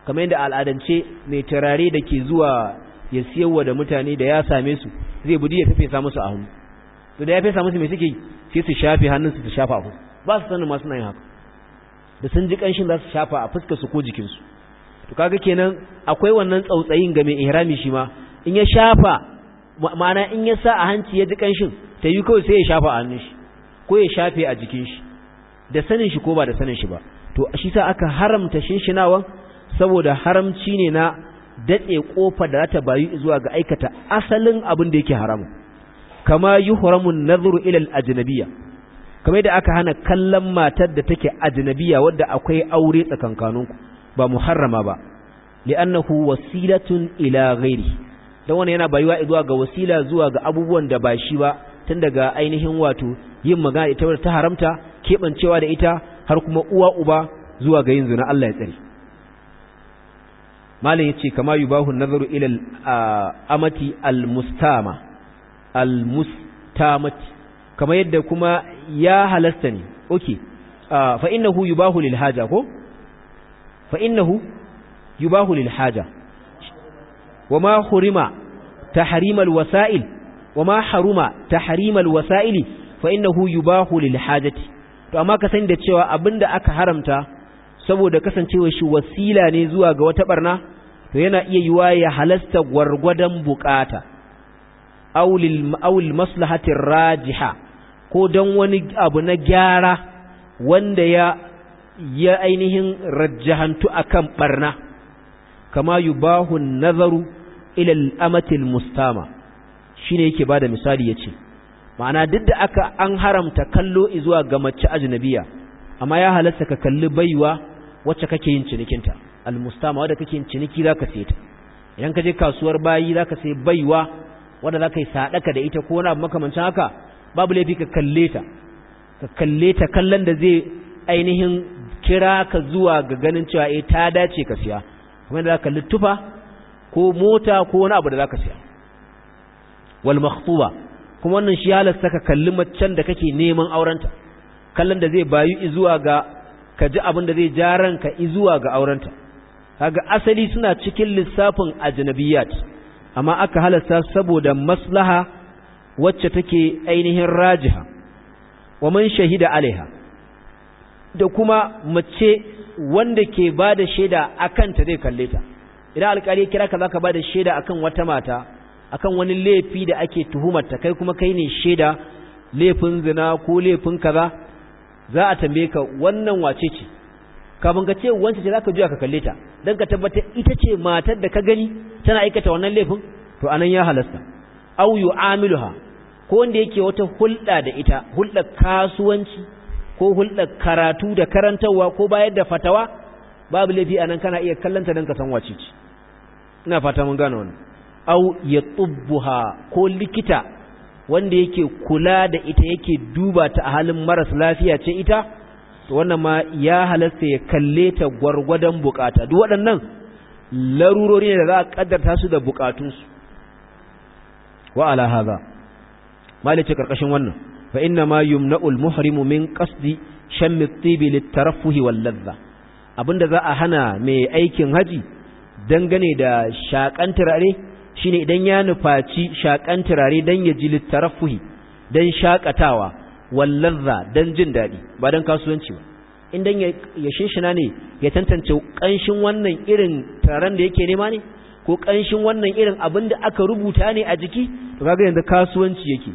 kamar yadda al'adance mai turare da ke zuwa ya siyarwa da mutane da ya same su zai budi ya fefesa musu a hannu to da ya fesa musu me suke sai su shafe hannunsu su shafa abu ba su sanin ma suna yin haka da sun ji kanshin za su shafa a fuskar su ko jikinsu to kaga kenan akwai wannan tsautsayin ga mai ihrami shi ma in ya shafa ma'ana in ya sa a hanci ya ji kanshin ta yi kawai sai ya shafa a hannun shi ko ya shafe a jikin shi da sanin shi ko ba da sanin shi ba to shi sa aka haramta shinshinawan saboda haramci ne na datse kofa da za ta bayu zuwa ga aikata asalin abin da yake haramu kama yuhramu haramun nazuru ilal al kamar da aka hana kallon matar da take ajinabiya wadda akwai aure tsakankaninku ba muharrama ba li'annahu wasilatun ila ghairi don wani yana bayuwa zuwa ga wasila zuwa ga abubuwan da ba shi ba tun daga ainihin wato yin magana ita wadda ta haramta keɓancewa da ita har kuma uwa uba zuwa ga yin zina Allah ya tsare malin yace kama yubahu nazaru ila amati almustama almustamat kama yadda kuma ya halasta ne okay fa innahu yubahu lil haja ko fa innahu yubahu lil haja وما حرم تحريم الوسائل وما حرم تحريم الوسائل فإنه يباح للحاجة to amma ka sani da cewa abinda aka haramta saboda kasancewa shi wasila ne zuwa ga wata barna to yana iya yiwa ya halasta gwargwadon bukata aulil aulil maslahatir rajiha ko don wani abu na gyara wanda ya ya ainihin rajjahantu akan barna kama yubahu nazaru ilal amatil mustama shine yake bada misali yace ma'ana duk da aka an haramta kallo zuwa ga mace ajnabiya amma ya halatta ka kalli baiwa wacce kake yin cinikinta almustama wadda kake yin ciniki zaka saye ta idan ka je kasuwar bayi zaka sai baiwa wadda zaka yi sadaka da ita ko wani abu makamancin haka babu laifi ka kalle ta ka kalle ta kallon da zai ainihin kira ka zuwa ga ganin cewa eh ta dace ka siya kuma da kalli tufa ko mota ko wani abu da zaka siya wal makhtuba kuma wannan shi halasta ka kalli macen da kake neman aurenta kallon da zai bayu zuwa ga kaji abin da zai ja ka izuwa ga aurenta kaga asali suna cikin lissafin ajnabiyat amma aka halasta saboda maslaha wacce take ainihin rajiha wa man shahida alaiha da kuma mace wanda ke bada shaida akan ta zai kalle ta idan alƙali ya kira ka za ba bada shaida akan wata mata akan wani laifi da ake tuhumarta kai kuma kai ne shaida laifin zina ko laifin kaza za a tambaye ka wannan wace ce kafin ka ce wance ce ka juya ka kalle ta dan ka tabbata ita ce matar da ka gani tana aikata wannan laifin to anan ya halasta aw amiluha ko wanda yake wata hulɗa da ita hulɗa kasuwanci ko hulɗa karatu da karantarwa ko bayar da fatawa babu laifi anan kana iya kallanta dan ka san wace ce ina fata mun gano wannan au ya tubbuha ko likita wanda yake kula da ita yake duba ta a halin maras lafiya ce ita to wannan ma ya halasta ya kalle ta gwargwadon bukata duk waɗannan larurori ne da za a kaddarta su da bukatunsu wa ala haza malice karkashin wannan fa inna ma yumna'ul muhrimu min qasdi shammi tibi littarafuhi wal ladha abinda za a hana mai aikin haji dangane da shakan turare shine idan ya nufaci shakan turare dan ya ji littarafuhi dan shakatawa walladha dan jin dadi ba dan kasuwanci ba in dan ya shinshina ne ya tantance kanshin wannan irin turaren da yake nema ne ko kanshin wannan irin abin da aka rubuta ne a jiki to kaga yanzu kasuwanci yake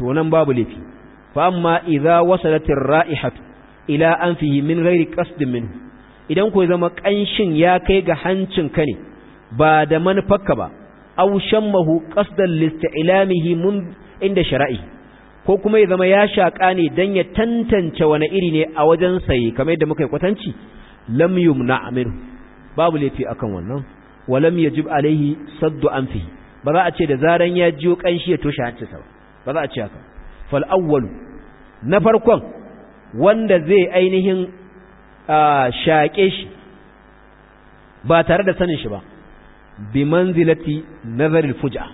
to nan babu laifi fa amma idza wasalat ar-ra'ihatu ila anfihi min ghairi qasdin minhu idan ku zama kanshin ya kai ga hancin ka ne ba da manufarka ba aw shammahu qasdan listi'lamihi mun inda shara'i ko kuma ya zama ya shaka ne dan ya tantance wani iri ne a wajen saye kamar yadda muka yi kwatanci lam yumna amiru babu laifi akan wannan walam yajib alaihi saddu anfi ba za a ce da zaran ya jiyo kanshi ya toshe hancinsa ba ba za a ce haka fal awwal na farkon wanda zai ainihin shaƙe shi ba tare da sanin shi ba bi manzilati nazaril fuja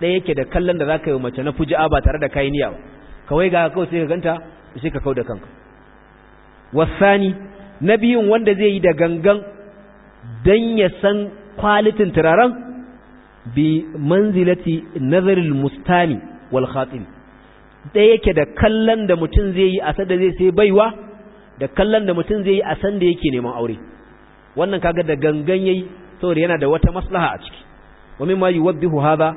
ɗaya yake da kallon da zaka yi mace na fuja ba tare da kayi niyya ba kawai ga kawai sai ka ganta sai ka kau da kanka wasani na biyun wanda zai yi da gangan dan ya san kwalitin turaren bi manzilati nazaril mustani wal khatim ɗaya yake da kallon da mutum zai yi a sadda zai sai baiwa da kallon da mutum zai yi a san da yake neman aure wannan kaga da gangan yayi saboda yana da wata maslaha a ciki wa mimma yuwaddihu hadha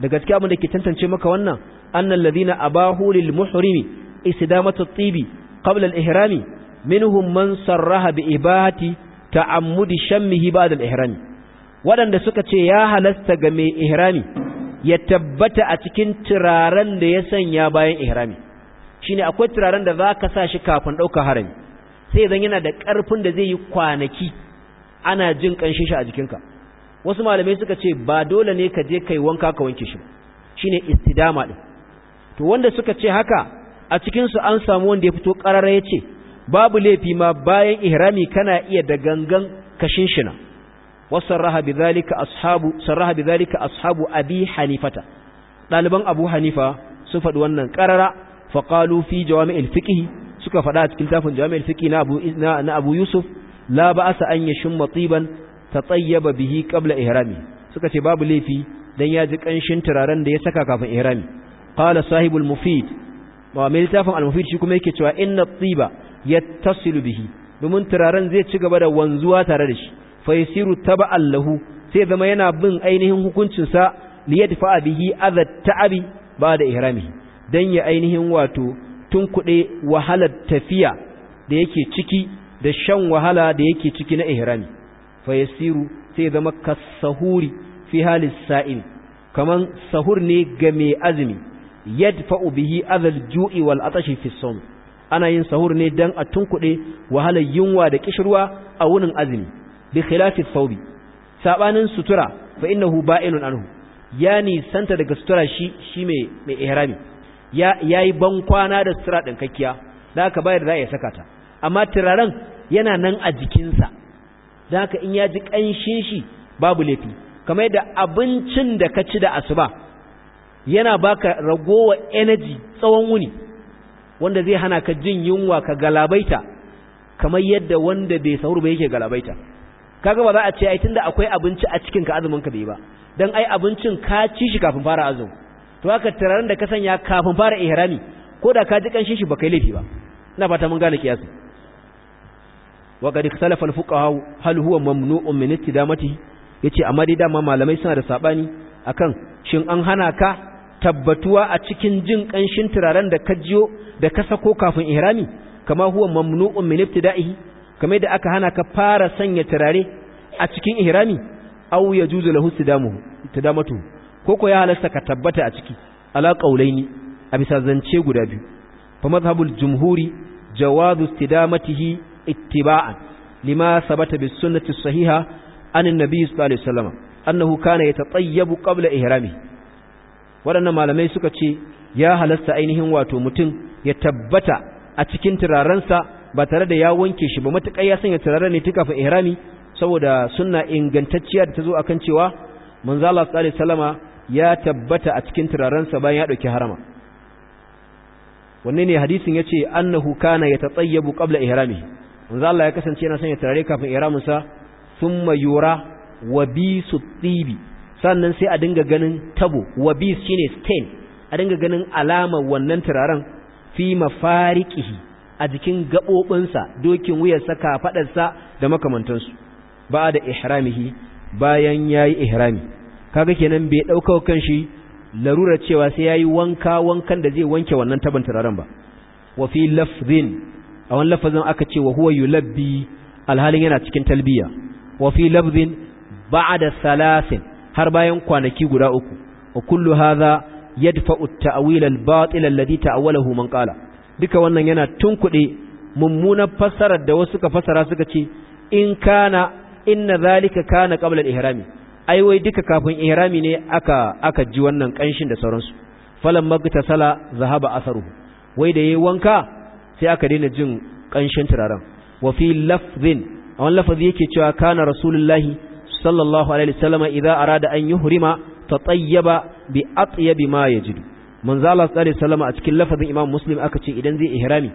da gaskiya abin da ke tantance maka wannan annal ladina abahu lil muhrimi isdamatu at-tibi qabla al-ihrami minhum man sarraha bi ibahati ta'ammudi shammihi ba'da al-ihrami wadanda suka ce ya halasta ga mai ihrami ya tabbata a cikin turaren da ya sanya bayan ihrami shine akwai turaren da zaka sa shi kafin ɗauka harami sai zan yana da ƙarfin da zai yi kwanaki ana jin ƙanshin shi a jikinka wasu malamai suka ce ba dole ne ka je kai wanka ka wanke shi shine istidama din to wanda suka ce haka a cikinsu an samu wanda ya fito ƙarara ya ce babu laifi ma bayan ihrami kana iya da gangan kashin shina wasarraha bidhalika ashabu sarraha bidhalika ashabu abi hanifata ɗaliban abu hanifa sun faɗi wannan ƙarara faƙalu fi jawami'il fiqh suka faɗa a cikin tafin jami'ar fiqi na Abu na Abu Yusuf la ba'asa an yashumma tiban tatayyaba bihi qabla ihrami suka ce babu laifi dan ya ji kanshin turaren da ya saka kafin ihrami qala sahibul mufid wa mai tafin al-mufid shi kuma yake cewa inna tiba yattasilu bihi domin turaren zai ci gaba da wanzuwa tare da shi fa yasiru taba'an lahu sai zama yana bin ainihin hukuncin sa liyadfa bihi adha ta'abi ba da ihrami dan ya ainihin wato tunkuɗe wahalar tafiya da yake ciki da shan wahala da yake ciki na ihrami fa yasiru sai zama kasahuri fi halis sa'il kaman sahur ne ga mai azumi yadfa'u bihi azal ju'i wal atashi fi sawm ana yin sahur ne dan a tunkuɗe wahalar yunwa da kishirwa a wurin azumi bi khilafi thawbi sabanin sutura fa innahu ba'ilun anhu yani santa daga sutura shi shi mai mai ihrami ya yayi ban kwana da sutura kakkiya da aka bayar da ya saka ta amma turaren yana nan a jikinsa da aka in ya ji ƙanshin shi babu laifi kamar da abincin da ka ci da asuba yana baka ragowa energy tsawon wuni wanda zai hana ka jin yunwa ka galabaita kamar yadda wanda bai sahur ba yake galabaita kaga ba za a ce ai tunda akwai abinci a cikin ka azumin ka bai ba dan ai abincin ka ci shi kafin fara azumi to haka turaren da ka sanya kafin fara ihrami ko da ka ji kanshin shi baka yi laifi ba ina fata mun gane kiyasi wa qad ikhtalafa al-fuqaha hal huwa mamnu'un min istidamati yace amma dai dama malamai suna da sabani akan shin an hana ka tabbatuwa a cikin jin kanshin turaren da ka jiyo da ka sako kafin ihrami kama huwa mamnu'un min ibtida'ihi kamar da aka hana ka fara sanya turare a cikin ihrami aw yajuzu lahu istidamatu ko ko ya halasta ka tabbata a ciki ala qaulaini a bisa zance guda biyu fa mazhabul jumhuri jawazu istidamatihi ittiba'an lima sabata bis sunnati sahiha an annabi sallallahu alaihi wasallam annahu kana yatayyabu qabla ihrami wadannan malamai suka ce ya halasta ainihin wato mutum ya tabbata a cikin turarensa ba tare da ya wanke shi ba matuƙar ya sanya turaren ne tuka fa ihrami saboda sunna ingantacciya da ta zo akan cewa manzo Allah sallallahu alaihi wasallama ya tabbata a cikin turarensa bayan ya ɗauki harama wanne ne hadisin ya ce annahu kana ya tatsayyabu qabla ihrami manzo Allah ya kasance yana sanya turare kafin ihraminsa thumma yura wa su tsibi sannan sai a dinga ganin tabo wa bis shine stain a dinga ganin alama wannan turaren fi mafariqihi a jikin gaɓoɓinsa dokin wuyarsa faɗarsa da makamantansu ba da ihramihi bayan yayi ihrami kaga kenan bai ɗauka kan shi larurar cewa sai ya yi wanka wankan da zai wanke wannan taban turaren ba wa fi lafzin a wani lafazin aka ce wa huwa yulabbi alhalin yana cikin talbiya wa fi lafzin ba'da salasin har bayan kwanaki guda uku wa kullu hadha yadfa'u at-ta'wil al-batil alladhi ta'awalahu man qala duka wannan yana kuɗi, mummunar fassarar da wasu ka fassara suka ce in kana inna zalika kana qabla al-ihrami ai wai duka kafin ihrami ne aka aka ji wannan kanshin da sauransu falan magtasala zahaba asaruhu wai da yayi wanka sai aka daina jin kanshin turaren wa fi lafzin a wani lafazi yake cewa kana rasulullahi sallallahu alaihi wasallam idza arada an yuhrima tatayyaba bi atyab ma yajid manzo Allah sallallahu alaihi a cikin lafazin Imam Muslim aka ce idan zai ihrami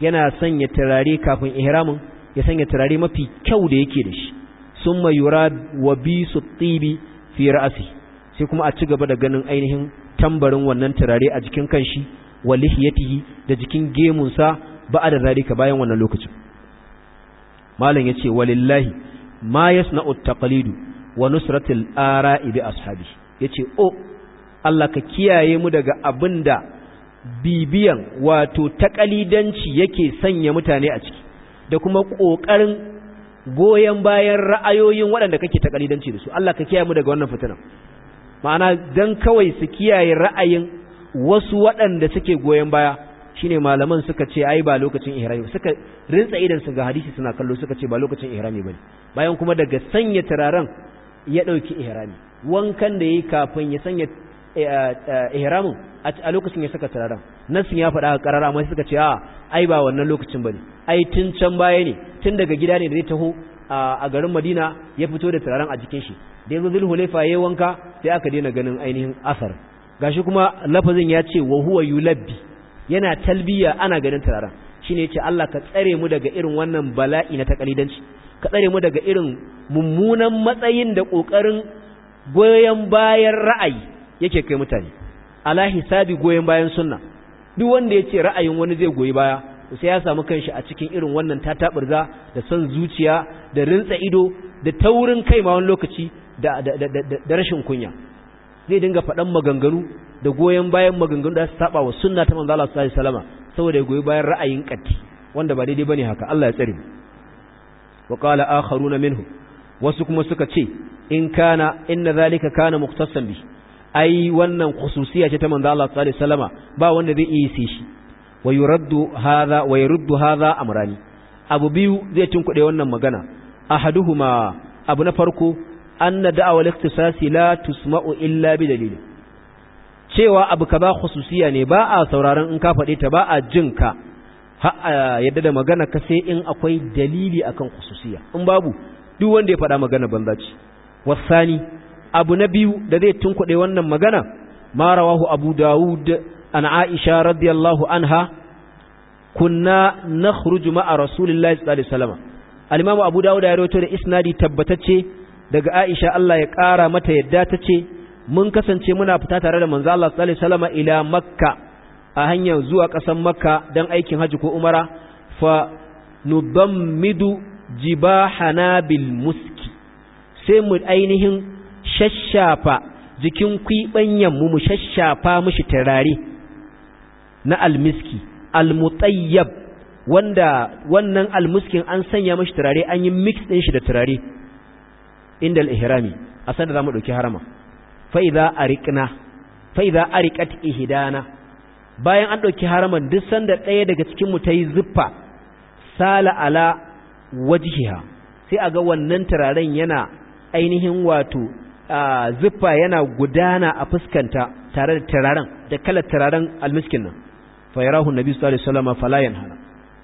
yana sanya turare kafin ihramin ya sanya turare mafi kyau da yake da shi summa yurad wa bi su tibi fi ra'asi sai kuma a ci gaba da ganin ainihin tambarin wannan turare a jikin kanshi wa lihiyatihi da jikin gemun sa da zarika bayan wannan lokacin malam yace walillahi ma yasna'u taqlidu wa nusratil ara'i bi ashabi yace o oh, Allah ka kiyaye mu daga abinda bibiyan wato takalidanci yake sanya mutane a ciki da kuma ƙoƙarin goyon bayan ra'ayoyin waɗanda kake ta kalidanci da su Allah ka kiyaye mu daga wannan fitina ma'ana dan kawai su kiyaye ra'ayin wasu waɗanda suke goyon baya shine malaman suka ce ai ba lokacin ihrami suka rinsa idan su ga hadisi suna kallo suka ce ba lokacin ihrami bane bayan kuma daga sanya turaren ya dauki ihrami wankan da yayi kafin ya sanya eh, eh, ihramin a lokacin ya saka turaren nasin ya faɗa a ƙarara suka ce a ai ba wannan lokacin bane ai tun can baya ne tun daga gida ne da zai taho a garin madina ya fito da turaren a jikin shi da yanzu hulaifa ya wanka sai aka daina ganin ainihin asar gashi kuma lafazin ya ce wa huwa yulabbi yana talbiya ana ganin turaren shine yace Allah ka tsare mu daga irin wannan bala'i na takalidanci ka tsare mu daga irin mummunan matsayin da kokarin goyen bayan ra'ayi yake kai mutane ala hisabi goyon bayan sunna duk wanda ya ce ra'ayin wani zai goyi baya sai ya samu kanshi a cikin irin wannan tatabirza da son zuciya da rintsa ido da taurin kai ma wani lokaci da da rashin kunya zai dinga faɗan maganganu da goyen bayan maganganu da su saba wa sunna ta manzo Allah sallallahu alaihi wasallam saboda ya goyi bayan ra'ayin katti wanda ba daidai bane haka Allah ya tsare mu wa qala akharuna minhu wasu kuma suka ce in kana inna zalika kana muktasan bi ai wannan khususiya ce ta manzo Allah sallallahu alaihi wasallam ba wanda zai iya yi shi wa yuraddu hadha wa yuruddu hadha amrani abu biyu zai tunkuɗe wannan magana ahaduhuma abu na farko anna da'awa al-ikhtisasi la tusma'u illa bi dalil cewa abu ka ba khususiya ne ba a sauraron in ka faɗe ta ba a jin ka yadda da magana ka sai in akwai dalili akan khususiya in babu duk wanda ya faɗa magana banza ce wasani abu na biyu da zai tunkuɗe wannan magana ma rawahu abu dawud an aisha radiyallahu anha kunna nakhruju ma'a rasulillahi sallallahu alaihi wasallam abu dawud ya rawaito da isnadi tabbatacce daga aisha Allah ya kara mata yadda ce mun kasance muna fita tare da manzo Allah sallallahu alaihi ila makka a hanyar zuwa ƙasar makka don aikin haji ko umara fa nudammidu jibahana bil muski sai mu ainihin shashafa jikin kwibanyan mu mu shashafa mushi turare na almiski almutayyab wanda wannan almuskin an sanya mashi turare an yi mix din shi da turare inda al-ihrami a sanda zamu dauki harama fa idza ariqna fa idza ariqat ihdana bayan an ɗauki haraman duk sanda ɗaya daga cikin mu yi zuffa sala ala wajhiha sai aga wannan turaren yana ainihin wato zuffa yana gudana a fuskanta tare da turaren da kalar turaren almiskin nan fayarahu nabi sallallahu alaihi wasallam fala yanhana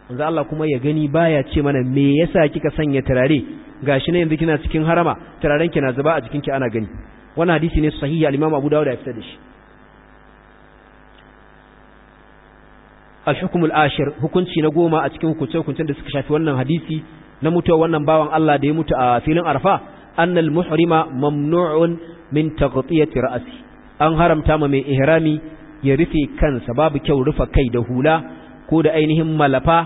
manzo Allah kuma ya gani baya ce mana me yasa kika sanya turare gashi ne yanzu kina cikin harama turaren ki na zuba a jikinki ana gani wannan hadisi ne sahihi al-Imam Abu Dawud ya fitar da shi al-hukm al-ashir hukunci na goma a cikin hukunce-hukuncen da suka shafi wannan hadisi na mutuwa wannan bawan Allah da ya mutu a filin Arfa annal muhrima mamnu'un min taghtiyati ra'si an haramta ma mai ihrami ya rufe kansa babu kyau rufa kai da hula ko da ainihin malafa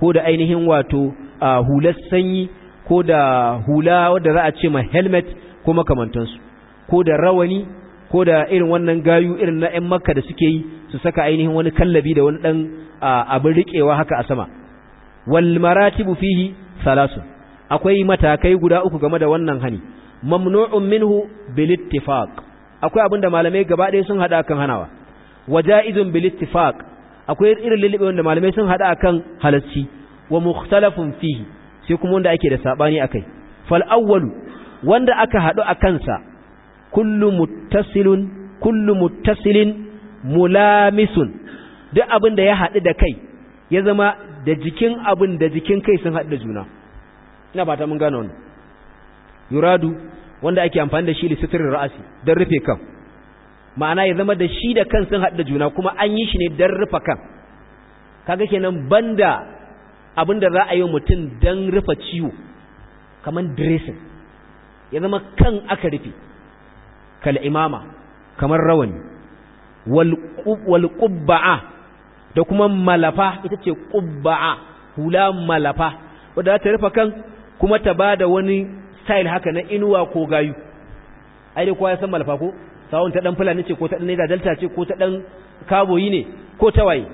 ko da ainihin wato hular sanyi ko da hula wadda za a ce ma helmet ko makamantansu ko da rawani ko da irin wannan gayu irin na 'yan makka da suke yi su saka ainihin wani kallabi da wani ɗan abin riƙewa haka a sama wal maratibu fihi salasu akwai matakai guda uku game da wannan hani mamnu'un minhu bil ittifaq akwai abinda malamai gaba ɗaya sun hada kan hanawa jaizun bil ittifaq akwai irin lilibe wanda malamai sun hada akan halacci wa mukhtalafun fihi sai kuma wanda ake da sabani akai fal awwalu wanda aka hadu akan sa kullu muttasilun kullu muttasilin mulamisun duk abin da ya hadu da kai ya zama da jikin abin da jikin kai sun hadu da juna ina ba ta mun gano wannan yuradu wanda ake amfani da shi li sitrin ra'asi dan rufe kan ma'ana ya zama da shi da kan sun haɗu da juna kuma an yi shi ne don rufa kan kaga kenan banda abin da za a yi wa mutum don rufa ciwo kamar dressing ya zama kan aka rufe kal imama kamar rawani wal qubba'a da kuma malafa ita ce qubba'a hula malafa wadda za ta rufa kan kuma ta ba da wani style haka na inuwa ko gayu ai dai kowa ya san malafa ko sawun ta dan fulani ce ko ta ɗan delta ce ko ta dan kaboyi ne ko ta waye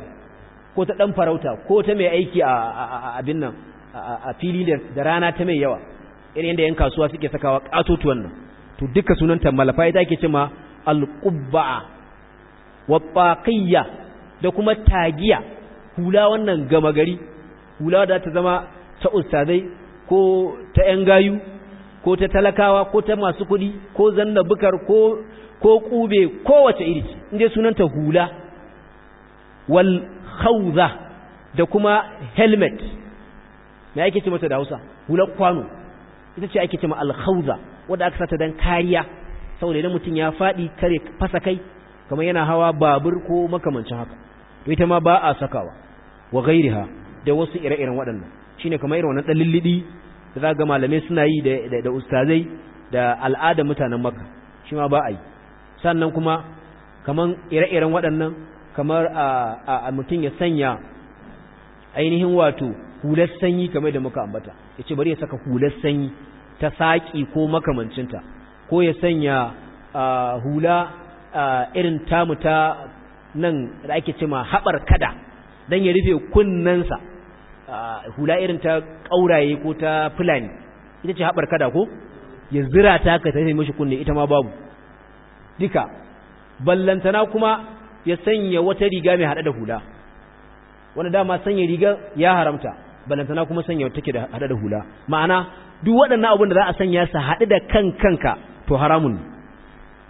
ko ta dan farauta ko ta mai aiki a abin nan a fili da rana ta mai yawa irin yadda yan kasuwa suke sakawa katotuwan nan to duka sunanta malafa ita ake cewa ma qubba wa baqiyya da kuma tagiya hula wannan gama gari hula da ta zama ta ustazai ko ta yan gayu ko ta talakawa ko ta masu kuɗi ko zanna bukar ko ko ƙube kowace iri inda sunanta hula wal khawza da kuma helmet me ake ce mata da Hausa hular kwano ita ce ake ce alhauza. al khawza wanda aka sata dan kariya saboda idan mutum ya faɗi kare fasa kai kamar yana hawa babur ko makamancin haka to ita ma ba a sakawa wa ghairiha da wasu ire-iren waɗannan shine kamar irin wannan dan da za ga malamai suna yi da da ustazai da al'ada mutanen Makka shi ma ba a yi sannan kuma kaman ire-iren waɗannan kamar a mutum ya sanya ainihin wato hular sanyi kamar da muka ambata ya ce bari ya saka hular sanyi ta saƙi ko makamancinta ko ya sanya hula irin tamu ta nan da ake ce ma haɓar kada don ya rufe kunnensa hula irin ta ƙauraye ko ta fulani ita ce haɓar kada ko ya zira ta ka yi mashi kunne ita ma babu duka ballantana kuma ya sanya wata riga mai haɗe da hula wanda dama sanya riga ya haramta ballantana kuma sanya wata take da haɗe da hula ma'ana duk waɗannan abin da za a sanya su haɗe da kan kanka to haramun ne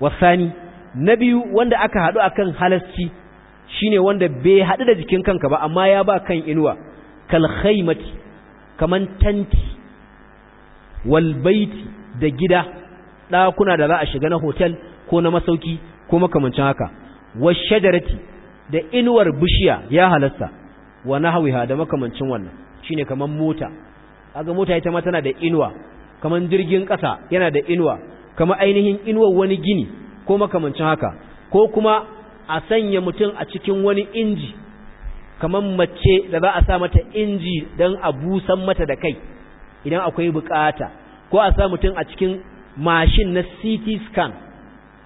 wasani na biyu wanda aka haɗu akan halasci shine wanda bai haɗu da jikin kanka ba amma ya ba kan inuwa kal khaymati kaman tanti wal baiti da gida ɗakuna da za a shiga na hotel ko na masauki ko makamancin haka was shajarati da inuwar bishiya ya halasta wa nahwiha da makamancin wannan shine kaman mota kaga mota ita ma tana da inuwa kaman jirgin kasa yana da inuwa kama ainihin inuwar wani gini ko makamancin haka ko kuma a sanya mutum a cikin wani inji kaman mace da za a sa mata inji dan a busan mata da kai idan akwai bukata ko a sa mutum a cikin mashin na CT scan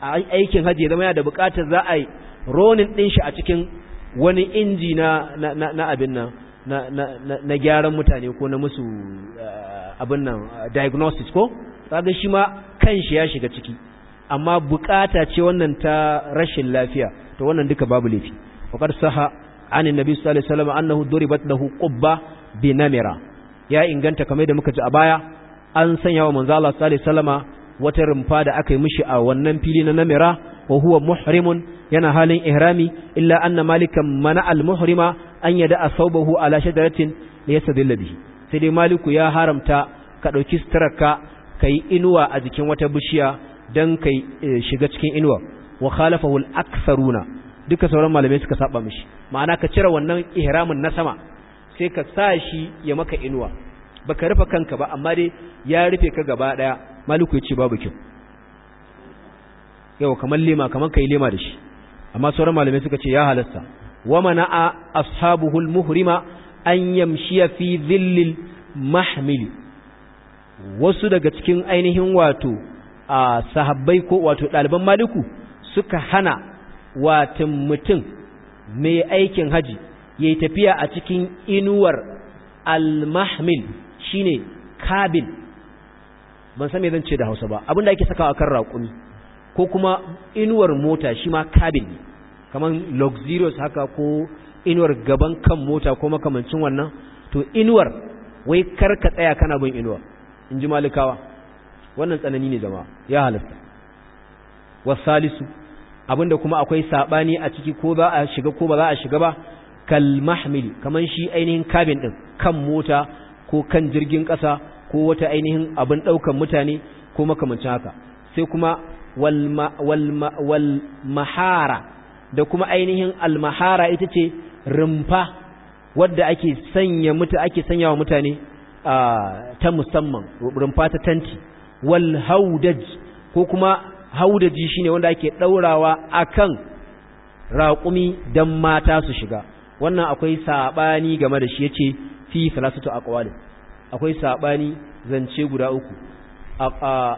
aikin hajji zama yana da bukatar za a yi ronin din shi a cikin wani inji na abin nan na gyaran mutane ko na musu eh, abin nan diagnosis ko kaga shi ma kan shi ya shiga ciki amma bukata ce wannan ta rashin lafiya to wannan duka babu laifi faqad saha anin nabi sallallahu annahu duribat lahu qubba bi namira ya inganta kamar da muka ji a baya an sanya wa manzo Allah Salama. wata rumfa da aka yi mishi a wannan fili na namira wa huwa muhrimun yana halin ihrami illa anna malikan mana al muhrima an yada asawbahu ala shajaratin li yastadilla bihi sai dai maliku ya haramta ka dauki sitarka kai inuwa a jikin wata bishiya dan kai e, shiga cikin inuwa wa khalafahu al aktharuna duka sauran malamai suka saba mishi ma'ana ka cire wannan ihramin na sama sai ka sa shi ya maka inuwa baka rufe kanka ba amma dai ya rufe ka gaba daya maliku ya ce babu kyau yau kamar lema kamar kai lema da shi amma sauran malamai suka ce ya halasta wa mana a ashabuhul muhrima an yamshiya fi zillil mahmili wasu daga cikin ainihin wato a sahabbai ko wato ɗaliban maliku suka hana watan mutum mai aikin haji yayi tafiya a cikin inuwar al-mahmil shine kabil ban san me zan ce da Hausa ba abin da ake sakawa kan raƙumi ko kuma inuwar mota shi ma cabin ne kamar luxurious haka ko inuwar gaban kan mota ko makamancin wannan to inuwar wai kar ka tsaya kana bin inuwar in ji malikawa wannan tsanani ne jama'a ya halasta wasalisu abinda kuma akwai sabani a ciki ko za a shiga ko ba za a shiga ba kal mahmil kaman shi ainihin kabin din kan mota ko kan jirgin kasa ko wata ainihin abin ɗaukan mutane ko makamancin haka sai kuma wal da kuma ainihin almahara ita ce rumfa wadda ake sanya ake sanya wa mutane ta musamman rumfa ta tanti wal ko kuma haudaji shine wanda ake daurawa akan raƙumi dan mata su shiga wannan akwai saɓani game da shi yace fi a aqwalin akwai sabani zance guda uku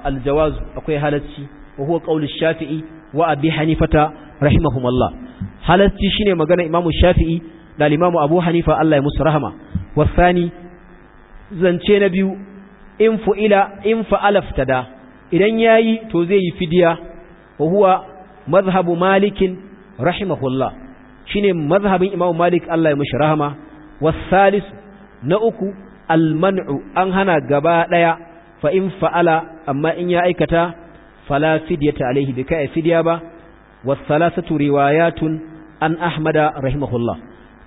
aljawaz akwai halacci wa huwa qaulu shafi'i wa abi hanifata rahimahumullah halacci shine magana imamu shafi'i da imamu abu hanifa Allah ya musu rahama wasani zance na biyu in fu'ila in fa'ala idan yayi to zai yi fidiya wa huwa madhhabu malikin rahimahullah shine mazhabin imamu malik Allah ya mushi rahama wasalis na uku alman'u an hana gaba ɗaya fa in fa'ala amma in ya aikata fala fidyata alaihi bi kai fidya ba wa thalathatu riwayatun an ahmada rahimahullah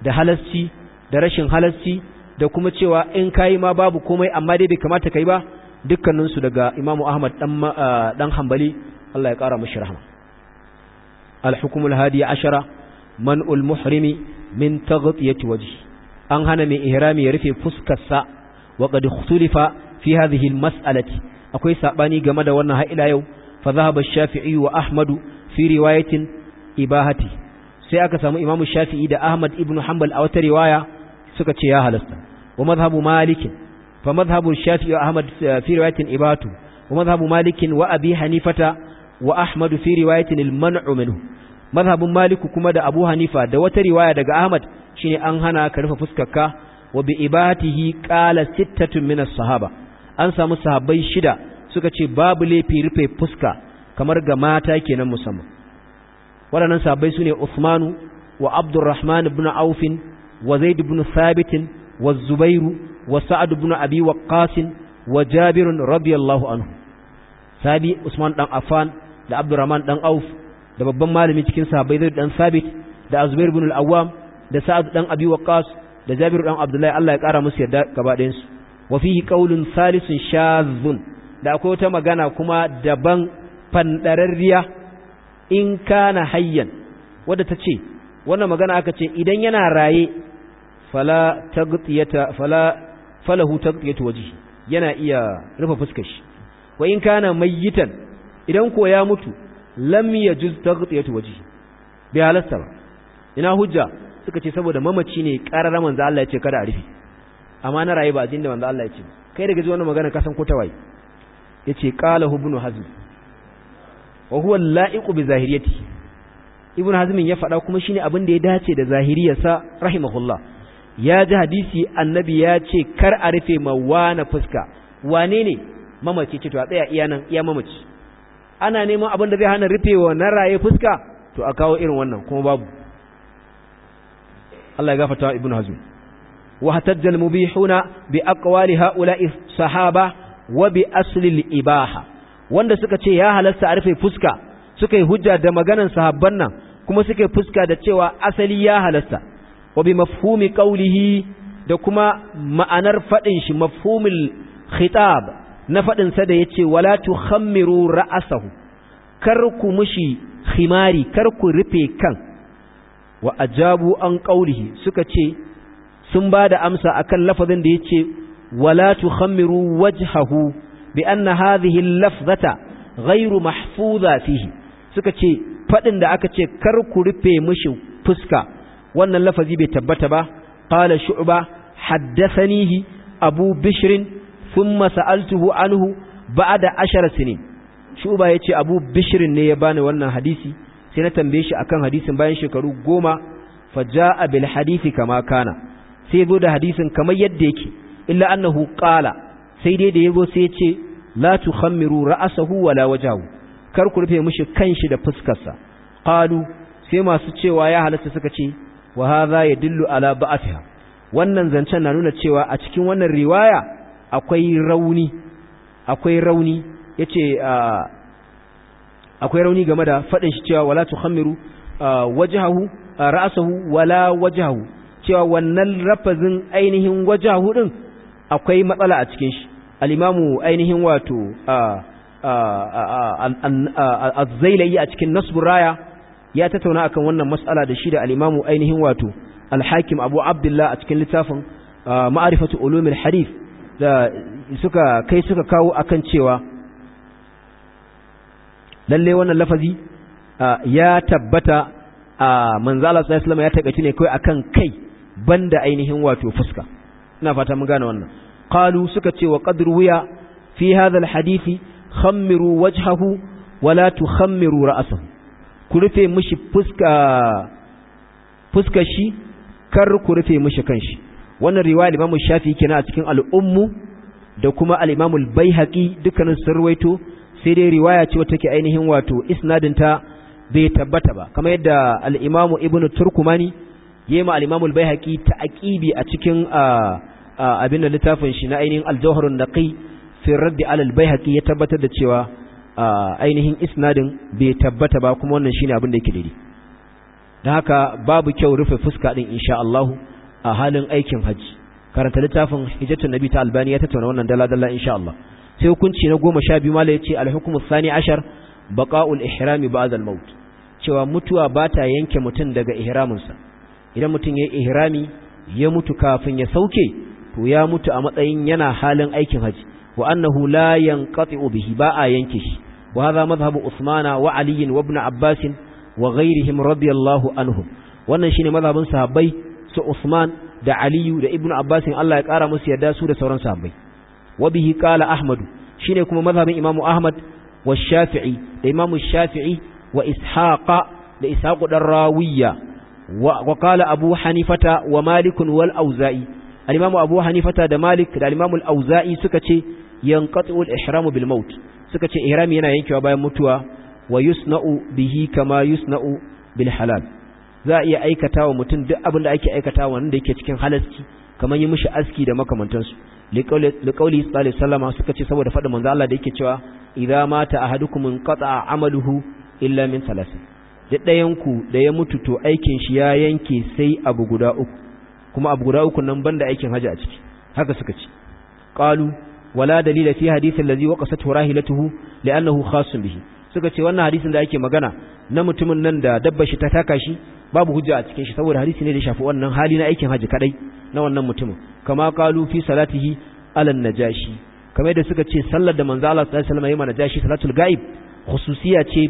da halasci da rashin halasci da kuma cewa in kayi ma babu komai amma dai bai kamata kai ba dukkaninsu daga imamu ahmad dan hambali. Allah ya ƙara mishi rahama al hukumul Hadiya ashara man'ul muhrimi min taghtiyati wajhi an hana mai ihrami ya rufe fuskarsa wa qad ikhtalifa fi hadhihi almas'alati akwai sabani game da wannan har ila yau fa dhahaba shafii wa ahmad fi riwayatin ibahati sai aka samu imamu shafi'i da ahmad ibn hanbal a wata riwaya suka ce ya halasta wa madhhabu malik fa madhhabu shafi'i wa ahmad fi riwayatin ibatu wa madhhabu malik wa abi hanifata wa ahmad fi riwayatin kuma da abu hanifa da wata riwaya daga ahmad shine an hana ka rufe fuskarka wa bi ibatihi qala sittatun min as-sahaba an samu sahabbai shida suka ce babu laifi rufe fuska kamar ga mata kenan musamman waɗannan sahabbai sune Uthmanu wa Abdurrahman ibn Auf wa Zaid ibn Thabit wa Zubair wa Sa'd ibn Abi Waqqas wa Jabir radiyallahu anhu sabi Usman dan Affan da Abdurrahman dan Auf da babban malami cikin sahabbai Zaid dan Thabit da Zubair ibn al-Awwam da Sa'd dan Abi Waqqas da Jabiru dan Abdullahi Allah ya kara musu yarda gaba ɗayan su wa fihi qaulun salisun shazun da akwai wata magana kuma daban fandararriya in kana hayyan wanda ta ce wannan magana aka ce idan yana raye fala tagtiyata fala falahu tagtiyatu wajhi yana iya rufe fuskar shi wa in kana mayyitan idan ko ya mutu lam yajuz tagtiyatu wajhi bi halasta ina hujja suka ce saboda mamaci ne ƙararra manzo Allah ya ce kada a rufe amma na rayu ba addinin da manzo Allah ya ce kai daga ji wannan magana ka san ko tawaye yace qala ibn hazm wa huwa la'iqu bi zahiriyati ibn hazm ya faɗa kuma shine abin da ya dace da zahiriyarsa rahimahullah ya ji hadisi annabi ya ce kar a rufe ma wani fuska wane ne mamaci ce to a tsaya iya nan iya mamaci ana neman abin da zai hana rufewa na raye fuska to a kawo irin wannan kuma babu Allah ya gafarta ibn hazm wa hatajja al mubihuna bi aqwali haula'i sahaba wa bi asli al ibaha wanda suka ce ya halasta a rufe fuska suka yi hujja da maganan sahabban nan kuma suka yi fuska da cewa asali ya halasta wa bi mafhumi qawlihi da kuma ma'anar fadin shi mafhumul khitab na fadin sa da yace wala tukhammiru ra'asahu kar ku mushi khimari kar ku rufe kan wa ajabu an qawlihi suka ce sun ba da amsa akan lafazin da yace wala tukhammiru wajhahu bi anna hadhihi lafzata ghairu mahfuza fihi suka ce fadin da aka ce kar ku rufe mishi fuska wannan lafazi bai tabbata ba qala shu'ba haddathanihi abu bishrin thumma sa'altuhu anhu ba'da ashara sinin shu'ba yace abu bishrin ne ya bani wannan hadisi sai na tambaye shi akan hadisin bayan shekaru goma faja'a bil hadisi kama kana sai zo da hadisin kamar yadda yake illa annahu qala sai dai da yazo sai ya ce la tukhammiru ra'sahu wala wajahu kar ku rufe mishi kanshi da fuskarsa qalu sai masu cewa ya halatta suka ce wa hadha yadullu ala ba'atiha wannan zancen na nuna cewa a cikin wannan riwaya akwai rauni akwai rauni yace ah, akwai rauni game da faɗin shi cewa wala tukhammiru ah, wajhahu ah, ra'sahu wala wajhahu cewa wannan rafazin ainihin wajahu din akwai matsala a cikin shi al-imamu ainihin wato ah, az-zailai a cikin nasbur raya ya tattauna akan wannan mas'ala da shi da al-imamu ainihin wato al-hakim abu abdullah a cikin littafin Ma'arifatu ulumil hadith da suka kai suka kawo akan cewa lalle wannan lafazi ya tabbata a manzo sallallahu ya takaice ne kai akan kai banda ainihin wato fuska ina fata mun gane wannan qalu suka ce wa qadru wiya fi hadha alhadisi khammiru wajhahu wala tukhammiru ra'sahu ku rufe mishi fuska shi kar ku rufe mishi kanshi wannan riwaya Imam Shafi kenan a cikin al-Ummu da kuma al-Imam al-Baihaqi dukkanin sun sai dai riwaya ce wata take ainihin wato isnadin ta bai tabbata ba kamar yadda al'imamu imam Ibn Turkumani yai ma al'imamu al ta aƙibi a cikin abin da littafin shi na ainihin al-Jawhar kai naqi alal Radd al ya tabbatar da cewa ainihin isnadin bai tabbata ba kuma wannan shine abin da yake daidai dan haka babu kyau rufe fuska ɗin insha Allah a halin aikin hajji karanta littafin hijjatun nabi ta albani ya tattauna wannan dala-dala insha Allah sai hukunci na goma sha biyu mala ya ce alhukumu sani ashar baƙa'ul ihrami ba'd maut cewa mutuwa ba ta yanke mutum daga ihraminsa idan mutum ya yi ihrami ya mutu kafin ya sauke to ya mutu a matsayin yana halin aikin haji wa annahu la yanqati'u bihi ba a yanke shi wa hadha madhhabu usmana wa ali wa ibn abbas wa ghayrihim radiyallahu anhum wannan shine madhabin sahabbai su usman da aliyu da ibn abbas Allah ya kara musu yarda su da sauran sahabbai wa bihi qala ahmad shine kuma mazhabin imamu ahmad wa shafi'i da imamu shafi'i wa ishaqa da ishaqu dan rawiya wa qala abu hanifata wa malikun wal auza'i al abu hanifata da malik da al-imamu al-auza'i suka ce yanqatu al-ihramu bil suka ce ihrami yana yankewa bayan mutuwa wa yusna'u bihi kama yusna'u bil za a iya aikata wa mutum duk abin da ake aikata wa wanda yake cikin halasci kamar yi mishi aski da makamantansu liƙauli sallallahu Sallama suka ce saboda faɗin manzo Allah da yake cewa idza mata ahadukum inqata amaluhu illa min thalathin da ɗayan da ya mutu to aikin shi ya yanke sai abu guda uku kuma abu guda uku nan banda aikin haji a ciki haka suka ce qalu wala dalila fi hadith allazi waqasat rahilatuhu li'annahu khasun bihi suka ce wannan hadisin da ake magana na mutumin nan da dabbar shi ta taka shi babu hujja a cikin shi saboda hadisi ne da shafi wannan hali na aikin haji kadai na wannan mutumin kama kalu fi salatihi alan najashi kamar da suka ce sallar da manzo Allah sallallahu alaihi wasallam yayi najashi salatul gaib khususiya ce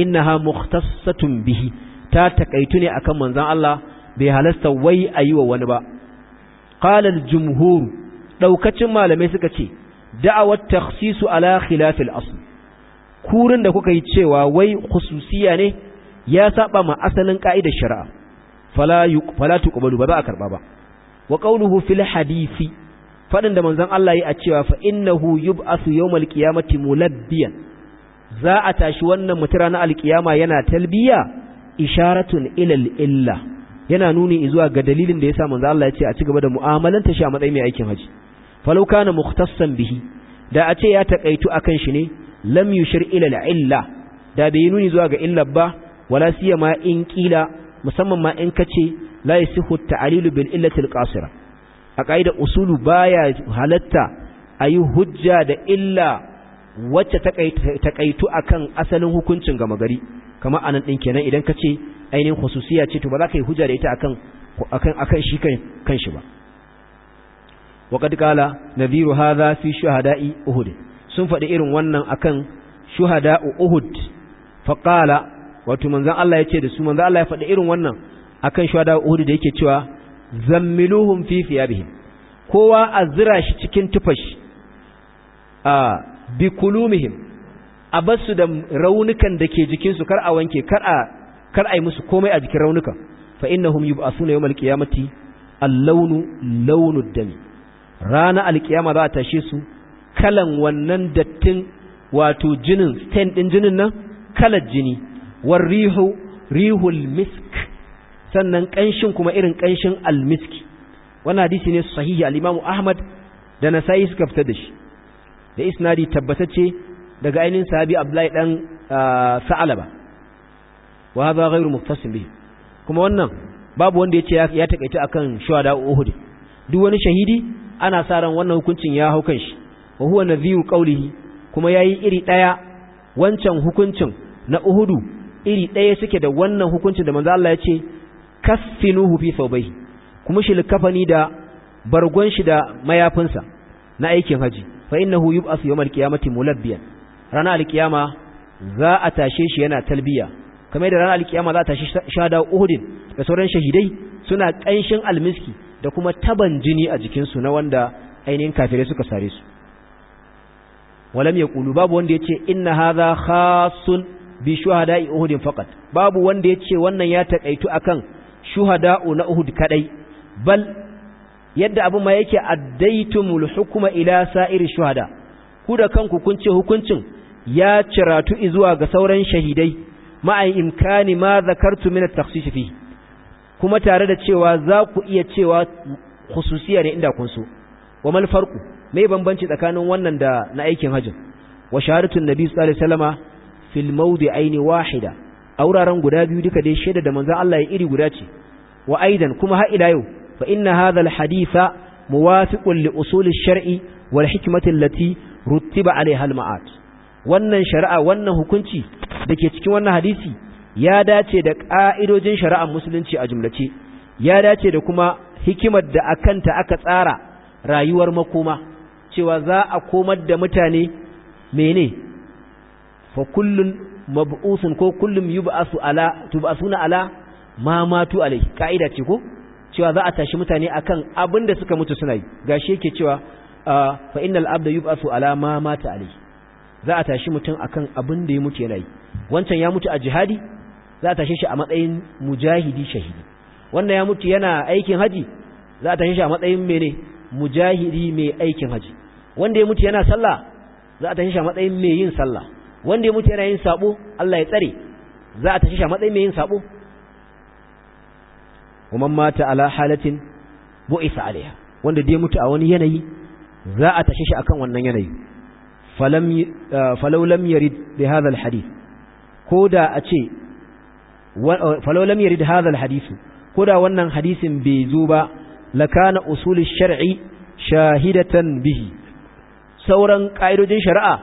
innaha mukhtassatun bihi ta takaitu ne akan Manzan Allah bai halasta wai ayi wa wani ba qala al-jumhur daukacin malamai suka ce da'awat takhsis ala khilaf al-asl kurin da kuka yi cewa wai khususiya ne ya saba ma asalin ka'idar shari'a fala fala ba za a karba ba wa qawluhu fil hadisi fadin da manzon Allah yi a cewa fa innahu yub'asu yawmal qiyamati mulabbiyan za a tashi wannan mutura na alkiyama yana talbiya isharatun ilal illa yana nuni zuwa ga dalilin da yasa manzon Allah ya ce a cigaba da mu'amalanta shi a matsayin mai aikin haji falau kana mukhtassan bihi da a ce ya takaitu akan shi ne lam yushir ilal illa da bai nuni zuwa ga illa ba wala siyama in kila musamman ma in kace la yasihu ta'lilu bil illati al-qasira a kaida usulu baya halatta ayu hujja da illa wacce kaitu akan asalin hukuncin gama gari kamar anan din kenan idan ka ce ainihin khususiyya ce to ba za ka yi hujja da ita akan akan akan shi kan shi ba kad قال نذير hadha fi shuhada'i uhud sun faɗi irin wannan akan shuhada'u Uhud faqala wato manzon Allah yace da su manzon Allah ya faɗi irin wannan akan shuhada Uhud da yake cewa zammiluhum fi thiyabihim kowa a zira shi cikin tufashi a bikulumihim a basu da raunukan da ke jikinsu kar a wanke kar a kar a musu komai a jikin raunukan fa innahum yub'asuna yawmal qiyamati al-lawnu lawnu dami rana al-qiyama za ta tashe su kalan wannan dattin wato jinin stain din jinin nan kalar jini war rihu rihul misk sannan ƙanshin kuma irin ƙanshin almiski wannan hadisi ne sahihi al-Imam Ahmad da Nasa'i suka fita da shi da isnadi tabbatacce daga ainihin sahabi Abdullahi dan ah, Sa'alaba wa hadha ghayru muttasim bihi kuma wannan babu wanda yace ya takaita akan shuhada Uhud duk wani shahidi ana sa ran wannan hukuncin ya hau kan shi wa huwa nadhiu qawlihi kuma yayi iri daya wancan hukuncin na Uhud iri daya suke da wannan hukuncin da manzo Allah ya ce kaffinuhu fi thawbayhi kuma shi likafani da bargon shi da mayafinsa na aikin haji fa innahu yub'asu yawmal qiyamati mulabbiyan Rana alkiyama za a tashe shi yana talbiya kamar da ranar alkiyama za a tashe shada uhudin da sauran shahidai suna kanshin almiski da kuma taban jini a jikin su na wanda ainihin kafirai suka sare su walam yaqulu babu wanda yace inna hadha khasun bi shuhada'i uhudin faqat babu wanda yace wannan ya takaitu akan shuhada'u na Uhud kadai bal yadda abu ma yake addaitumul hukuma ila sa'iri shuhada ku da kanku kun ce hukuncin ya ciratu zuwa ga sauran shahidai ma'an imkani ma zakartu min at-takhsis fi kuma tare da cewa za ku iya cewa khususiya ne inda kun so wa mal farqu me bambanci tsakanin wannan da na aikin hajji wa shahadatun nabi sallallahu alaihi wasallama fil mawdi'aini wahida a wuraren guda biyu duka dai shaida da manzon Allah ya iri guda ce Wa'idan kuma har ila yau fa inna hadha hadisa muwafiqun li usul ash-shar'i wal hikmati allati ruttiba 'alayha al wannan shari'a wannan hukunci dake cikin wannan hadisi ya dace da ƙa'idojin shari'ar musulunci a jumlace ya dace da kuma hikimar da akanta aka tsara rayuwar makoma cewa za a komar da mutane mene fa kullun mab'usun ko kullum yub'asu ala tub'asuna ala ma matu alai ka'ida ce ko cewa za a tashi mutane akan abin da suka mutu suna yi gashi yake cewa ah, fa innal abda yub'asu ala ma mata alai za a tashi mutum akan abin da ya mutu yana yi wancan ya mutu a jihadi za a tashi shi a matsayin mujahidi shahidi wannan ya mutu yana aikin haji za a tashi shi a matsayin mene mujahidi mai aikin haji wanda ya mutu yana sallah za a tashi shi a matsayin mai yin sallah wanda ya mutu yana yin sabo Allah ya tsare za a tashi shi a matsayin mai yin sabo wa man mata ala halatin bu'isa alaiha wanda dai mutu a wani yanayi za a tashi shi akan wannan yanayi falam eh, falau lam yarid bi hadha al hadith ko da a ce eh, falau lam yarid hadha al hadith ko wannan hadisin bai zo ba lakana usul shar'i shahidatan bihi sauran ka'idojin shari'a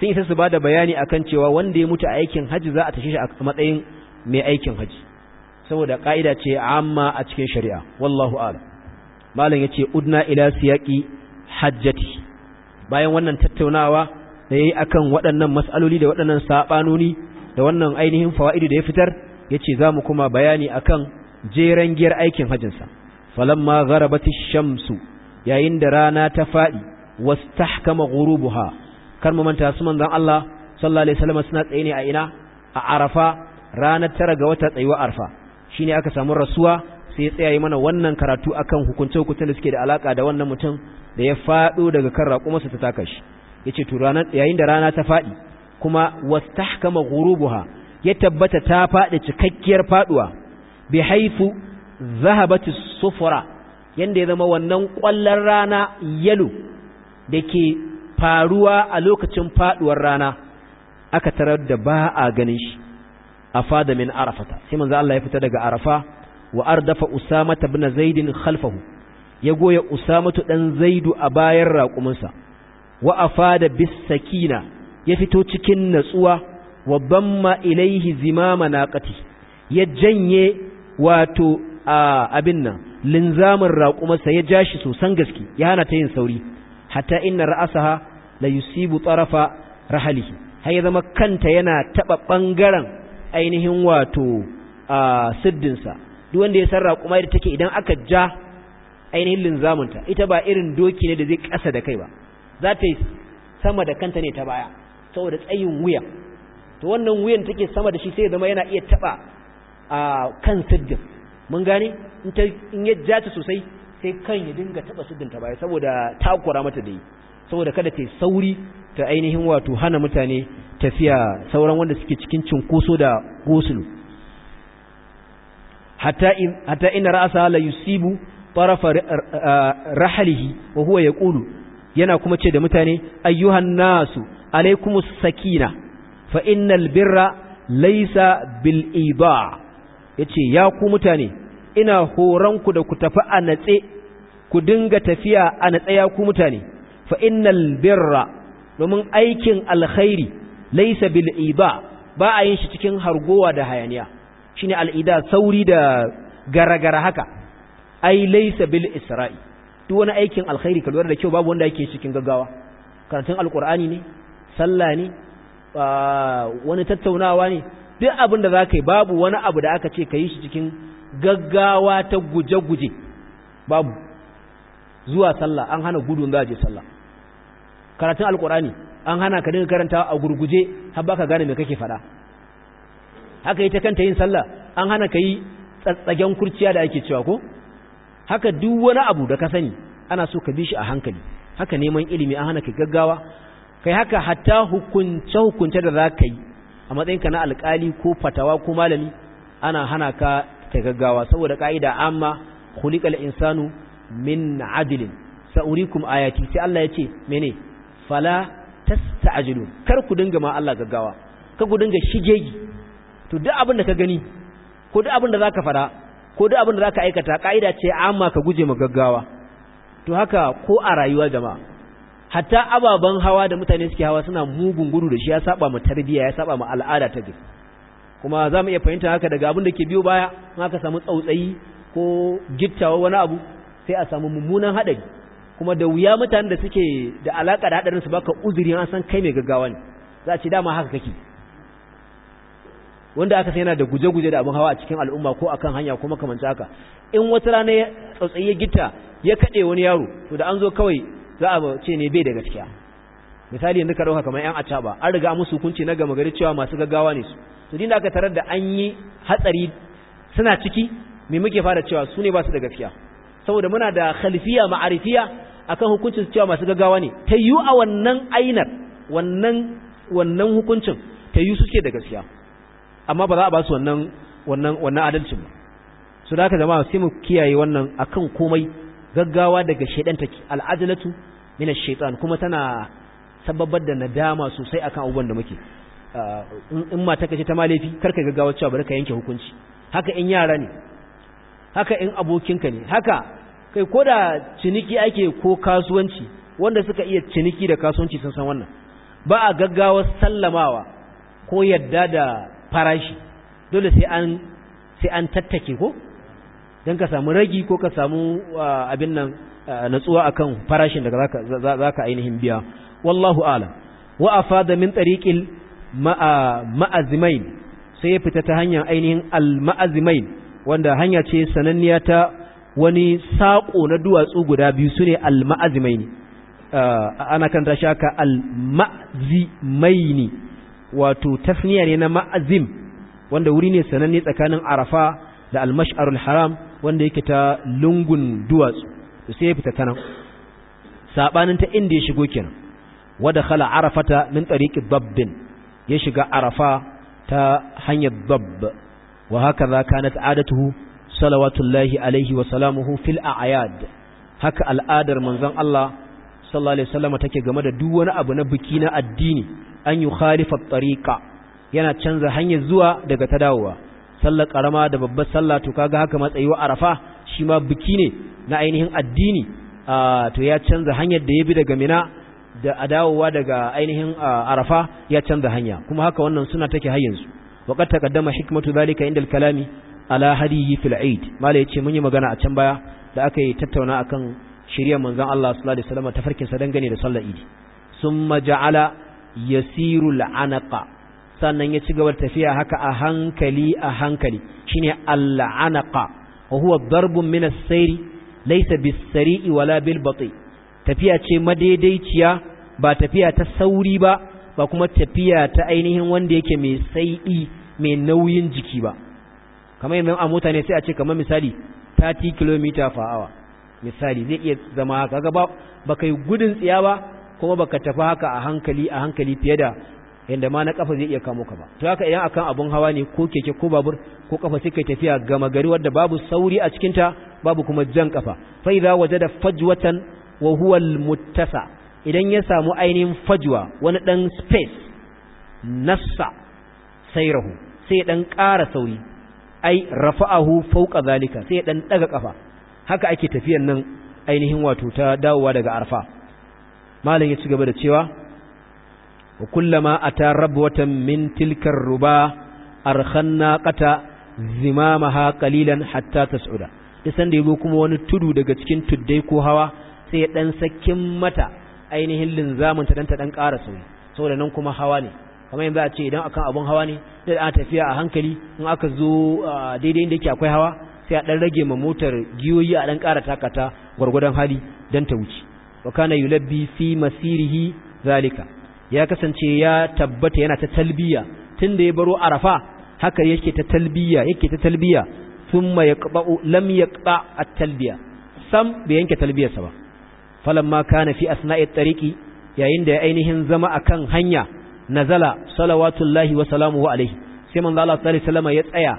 sun isa su bada bayani akan cewa wanda ya mutu a aikin haji za a tashi shi a matsayin mai aikin haji saboda ƙa'ida ce amma a cikin shari'a wallahu ala malam ya ce udna ila siyaƙi hajjati bayan wannan tattaunawa da ya yi a kan waɗannan matsaloli da waɗannan saɓanoni da wannan ainihin fawa'idu da ya fitar ya ce za mu kuma bayani a kan jeren giyar aikin hajjinsa falamma gharabati shamsu yayin da rana ta faɗi wasu tahkama gurubuha kar mu manta su manzan Allah sallallahu alaihi wasallam suna tsaye ne a ina a Arafa ranar tara ga wata tsayuwa arfa shine aka samu rasuwa sai ya tsaya mana wannan karatu akan hukunce hukuncen da suke da alaka da wannan mutum da ya fado daga kan raƙumarsa ta taka shi yace to ranar yayin da rana ta faɗi, kuma wastahkama ghurubuha ya tabbata ta faɗi cikakkiyar faduwa bi haifu zahabati sufura yadda ya zama wannan kwallon rana yalo da ke faruwa a lokacin faduwar rana aka tarar da ba a ganin shi afada min arafata sai manzo Allah ya fita daga arafa wa ardafa usama ibn zaid khalfahu ya goya usama dan zaidu a bayan raƙuminsa wa afada bis sakina ya fito cikin natsuwa wa bamma ilaihi zimama naqati ya janye wato abin nan linzamin raƙumansa ya jashi sosan gaske ya hana ta yin sauri hatta inna ra'asaha la yusibu tarafa rahalihi har ya zama kanta yana taba bangaren ainihin wato a siddinsa duk wanda ya sarra kuma yadda take idan aka ja ainihin linzamunta ita ba irin doki ne da zai kasa da kai ba za ta yi sama da kanta ne ta baya saboda tsayin wuya to wannan wuyan take sama da shi sai zama yana iya taɓa a kan siddin mun gane in ya ja ta sosai sai kan ya dinga taba siddin ta baya saboda takura mata da yi saboda kada ta yi sauri ta ainihin wato hana mutane tafiya sauran wanda suke cikin cinkoso da gusulu hatta ina ra'asa la yusibu tarafa rahalihi wa huwa yaqulu yana kuma ce da mutane ayyuhan nasu alaikumus sakina fa innal birra laysa bil iba yace ya ku mutane ina horonku da ku tafi a natse ku dinga tafiya a natse ya ku mutane fa innal birra domin aikin alkhairi laisa bil iba ba a yin shi cikin hargowa da hayaniya shine al'ida sauri da garagara haka ai laisa bil isra'i duk wani aikin alkhairi ka lura da kyau babu wanda yake cikin gaggawa karatun alkur'ani ne sallah ne wani tattaunawa ne duk abin da zaka yi babu wani abu da aka ce ka yi shi cikin gaggawa ta guje-guje babu zuwa sallah an hana gudun za a je sallah karatun alkurani an hana ka dinga karanta a gurguje har baka gane me kake faɗa haka ita kanta yin sallah an hana ka yi tsatsagen kurciya da ake cewa ko haka duk wani abu da ka sani ana so ka bi shi a hankali haka neman ilimi an hana ka gaggawa kai haka hatta hukunce hukunce da za ka yi a matsayin ka na alkali ko fatawa ko malami ana hana ka ta gaggawa saboda ka'ida amma khuliqal insanu min adilin sa'urikum ayati sai Allah ya ce mene fala tasta'jilu kar ku dinga ma Allah gaggawa kar ku dinga shigegi to duk abin da ka gani ko duk abin da zaka fara ko duk abin da zaka aikata kaida ce amma ka guje ma gaggawa to haka ko a rayuwa jama'a hatta ababan hawa da mutane suke hawa suna mugun gudu da shi ya saba ma tarbiya ya saba ma al'ada ta gari kuma za mu iya fahimta haka daga abin da ke biyo baya ma ka samu tsautsayi ko gittawa wani abu sai a samu mummunan haɗari kuma da wuya mutanen da suke da alaka da hadarin su baka uzuri an san kai mai gaggawa ne za a ce dama haka kake wanda aka sai yana da guje-guje da abin hawa a cikin al'umma ko akan hanya ko makamanci haka in wata rana ya tsautsayi gita ya kaɗe wani yaro to da an zo kawai za a ce ne bai da gaskiya misali yanzu ka dauka kamar yan acaba an riga musu hukunci na gama gari cewa masu gaggawa ne su to da aka tarar da an yi hatsari suna ciki me muke fara cewa su ne ba su da gaskiya saboda muna da khalifiya ma'arifiya akan hukuncin cewa masu gaggawa ne ta yi a wannan ainar wannan hukuncin ta yi suke da gaskiya amma ba za a ba su wannan adalcin ba su da haka jama'a sai mu kiyaye wannan akan komai gaggawa daga shaidan take al'ajalatu min ash kuma tana sababar da nadama sosai akan abubuwan da muke ah, in ta kace ta malefi karka gaggawa cewa bari ka yanke hukunci haka in yara ne haka in abokinka ne haka kai ko da ciniki ake ko kasuwanci wanda suka iya ciniki da kasuwanci sun san wannan ba a gaggawa sallamawa ko yadda da farashi dole sai an sai an tattake ko don ka samu ragi ko ka samu abin nan natsuwa akan farashin da za ka ainihin biya wallahu alam wa afada min tariqil ma'azimain sai ya fita ta hanyar ainihin al-ma'azimain wanda hanya ce sananniya ta wani saƙo na duwatsu guda biyu su ne al alma'azimaini ah, ana kan shi haka ne wato tasniya ne na ma'azim wanda wuri ne sananne tsakanin arafa da al-mash'arul haram wanda yake ta lungun duwatsu to sai ya fita ta nan sabanin ta inda ya shigo kenan wada khala arafata min tariqi babbin ya shiga arafa ta hanyar babba wa hakaza kanat adatuhu salawatullahi alaihi wa salamuhu fil a'yad haka al'adar manzon Allah sallallahu alaihi wasallam take game da duk wani abu na biki na addini an yi khalifa tariqa yana canza hanyar zuwa daga ta dawowa sallar karama da babbar sallah to kaga haka matsayiwa arafa shi ma biki ne na ainihin addini to ya canza hanyar da ya bi daga mina da adawowa daga ainihin arafa ya canza hanya kuma haka wannan suna take har yanzu وقد تقدم حكمة ذلك عند kalami. ala hadihi fil ya mala yace mun yi magana a can baya da aka yi tattauna akan shirya manzon Allah sallallahu alaihi wasallam tafarkin sa dangane da sallar idi summa ja'ala yasirul anaqa sannan ya ci gaba tafiya haka a hankali a hankali shine al anaqa wa huwa darbun min as-sayri laysa bis-sari'i wala bil-bati tafiya ce madaidaiciya ba tafiya ta sauri ba ba kuma tafiya ta ainihin wanda yake mai sai'i mai nauyin jiki ba kamar yanzu a mota ne sai a ce kamar misali 30 km per hour misali zai iya zama haka ga ba baka yi gudun tsiya ba kuma baka tafi haka a hankali a hankali fiye da yanda ma na kafa zai iya kamo ka ba to haka idan akan abun hawa ne ko keke ko babur ko kafa sai kai tafiya gama gari wanda babu sauri a cikin ta babu kuma jan kafa fa idza wajada fajwatan wa huwa almuttasa idan ya samu ainihin fajwa wani dan space nassa sairahu sai dan ƙara sauri ai rafa'ahu fawqa zalika sai ya dan daga kafa haka ake tafiyan nan ainihin wato ta dawowa daga arfa malam ya ci gaba da cewa wa kullama ata rabwatan min tilkar ruba arkhanna qata zimamaha qalilan hatta tas'uda idan da yabo kuma wani tudu daga cikin tuddai ko hawa sai ya dan sakin mata ainihin linzamin ta dan ta dan ƙara sauyi saboda nan kuma hawa ne kamar yanzu a ce idan akan abun hawa ne da ana tafiya a hankali in aka zo daidai inda yake akwai hawa sai a dan rage ma motar giyoyi a dan ƙara takata gwargwadon hali dan ta wuce wa kana yulabbi fi masirihi zalika ya kasance ya tabbata yana ta talbiya tunda ya baro arafa haka yake ta talbiya yake ta talbiya thumma yaqba'u lam yaqba at-talbiya sam bai yanke talbiyarsa ba falamma kana fi asna'i at-tariqi yayin da ya ainihin zama akan hanya nazala salawatullahi wa salamuhu alaihi sai manzo Allah sallallahu alaihi ya tsaya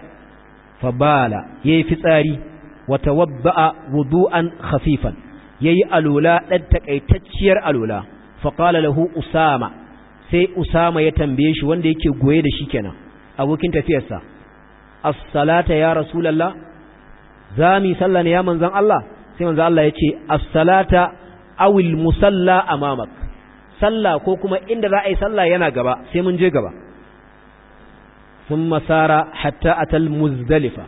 fa bala yayi fitsari wa tawabba'a wudu'an khafifan yayi alula dan takaitacciyar alula fa qala lahu usama sai usama ya tambaye shi wanda yake goye da shi kenan abokin tafiyarsa as-salata ya rasulullah zami sallah ne ya manzon Allah sai manzon Allah ya ce as-salata awil musalla amamak sallah ko kuma inda za a yi sallah yana gaba sai mun je gaba sun masara hatta atal muzdalifa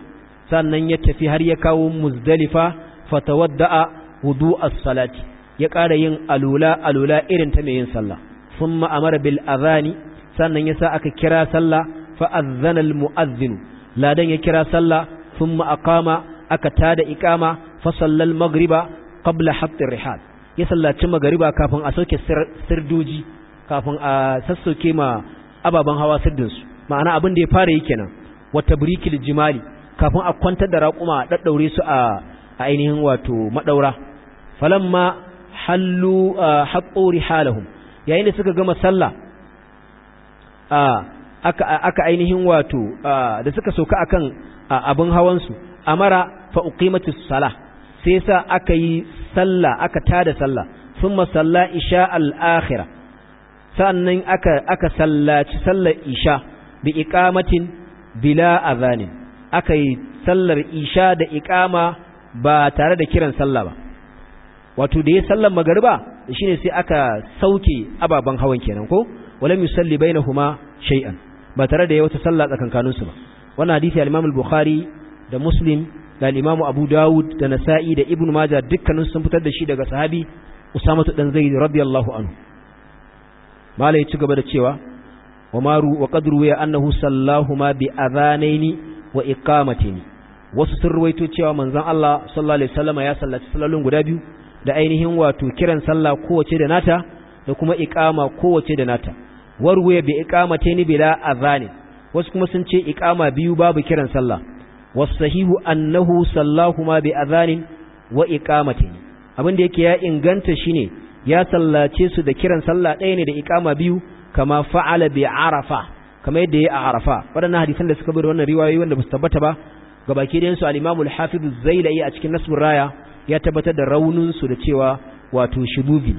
sannan ya tafi har ya kawo muzdalifa fatawadda'a wudu as-salati ya ƙara yin alula alula irin ta mai yin sallah sun ma'amara bil azani sannan ya sa aka kira sallah fa azzana al mu'azzin ladan ya kira sallah sun aqama aka tada iqama fa sallal maghriba qabla hatt rihal ya sallaci magariba kafin a sauke sirdoji kafin a sassoke ma ababen hawa sirdinsu ma'ana abin da ya fara yi kenan wata birikil jimali kafin a kwantar da raƙuma a ɗaɗɗaure su a ainihin wato madaura ma hallu haƙori halahun yayin da suka gama sallah aka ainihin wato da suka soka akan abin hawansu su amara fa uqimatus salah sai sa aka yi sallah aka tada sallah sun salla isha al-akhirah sannan aka aka sallaci sallar isha bi bila azanin aka yi sallar isha da ikama ba tare da kiran sallah ba wato da ya sallar shi shine sai aka sauke ababen hawan kenan ko bai na huma shai'an ba tare da ya wata sallah tsakankaninsu ba wannan hadisi al bukhari da Muslim da imamu abu dawud da nasa'i da ibn majah dukkanin sun fitar da shi daga sahabi usamatu dan zaid radiyallahu anhu malai ya ci gaba da cewa wa maru wa qadru ya annahu sallahu ma bi adhanaini wa iqamatini wasu sun ruwaito cewa manzon Allah sallallahu alaihi wasallam ya sallaci sallalun guda biyu da ainihin wato kiran sallah kowace da nata da kuma iqama kowace da nata warwaya bi iqamatini bila adhanin wasu kuma sun ce iqama biyu babu kiran sallah wasahihu annahu sallahuma bi adhanin wa iqamatin abin da yake ya inganta shine ya sallace su da kiran sallah ɗaya ne da iqama biyu kama fa'ala bi arafa kama yadda ya a arafa waɗannan hadisan da suka bi wannan riwayoyi wanda basu tabbata ba gabaki da su al-Imam al-Hafiz Zailai a cikin Nasbur Raya ya tabbatar da raunin su da cewa wato shububi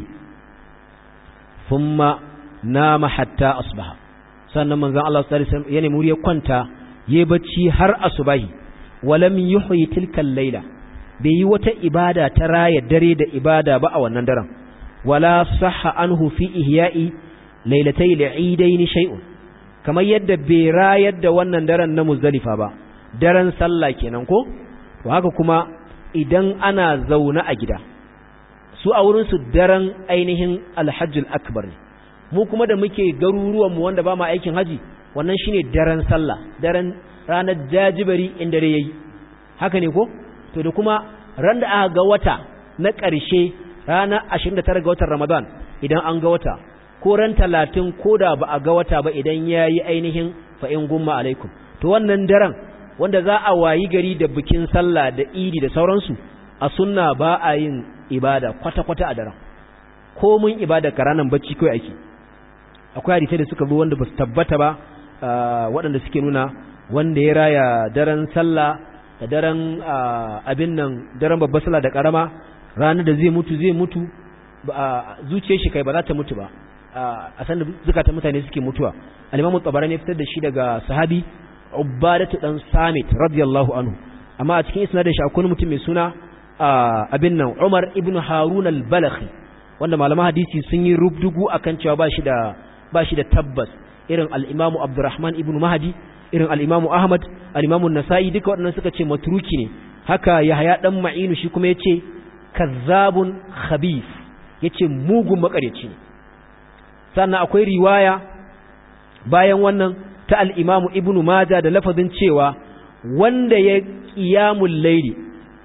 thumma nama hatta asbaha sannan manzon Allah sallallahu alaihi wasallam ya nemi kwanta yayi bacci har asubahi walam yuhyi tilkal layla bai yi wata ibada ta raya dare da ibada ba a wannan daren wala sahha anhu fi ihya'i lailatai al'idain shay'un kamar yadda bai rayar da wannan daren na muzdalifa ba daren sallah kenan ko to haka kuma idan ana zauna a gida su a wurin su daren ainihin alhajjul akbar ne mu kuma da muke garuruwan mu wanda ba mu aikin haji wannan shine daren sallah daren ranar jajibari in dare yayi haka ne ko to da kuma ran da aka ga wata na ƙarshe ranar 29 ga watan Ramadan idan an ga wata ko ran talatin ko da ba a ga wata ba idan yayi ainihin fa in gumma alaikum to wannan daren wanda za a wayi gari da bikin sallah da idi da sauransu a sunna ba a yin ibada kwata-kwata a daren ko mun ibada ranar bacci kawai ake akwai hadisai da suka zo wanda ba su tabbata ba ah, waɗanda suke nuna wanda ya raya daren sallah da daren abin nan daren babbar sallah da karama ranar da zai mutu zai mutu zuciyar shi kai ba za ta mutu ba a san da zukatan mutane suke mutuwa al-imamu tabarani ya fitar da shi daga sahabi ubbadatu dan samit radiyallahu anhu amma a cikin isnadin shi akwai mutum mai suna abin nan Umar ibn Harun al-Balakhi wanda malaman hadisi sun yi rubdugu akan cewa ba shi da ba shi da tabbas irin al imamu Abdurrahman ibn Mahdi irin al'imamu Ahmad al'imamu nasai duka waɗannan suka ce matruki ne haka Yahaya ɗan Ma'inu shi kuma ya yace kazzabun ya ce mugun makarici. ne sannan akwai riwaya bayan wannan ta al'imamu Ibn Maja da lafazin cewa wanda ya qiyamul laili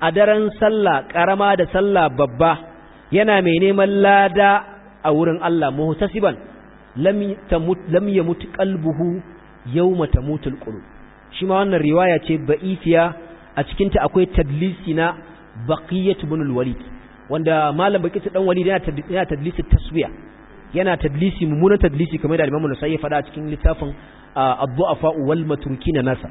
a daren sallah karama da sallah babba yana mai neman lada a wurin Allah muhtasiban lam ya mutu yamut Yau mata qulub shi ma wannan riwaya ce ba'ifiya a cikinta akwai tadlisi na baqiyat ibn walid wanda malam baqiyat dan walid yana tadlisi taswiya yana tadlisi mummunan tadlisi kamar da Imam Nasa'i ya faɗa a cikin littafin a fa'u wal na nasa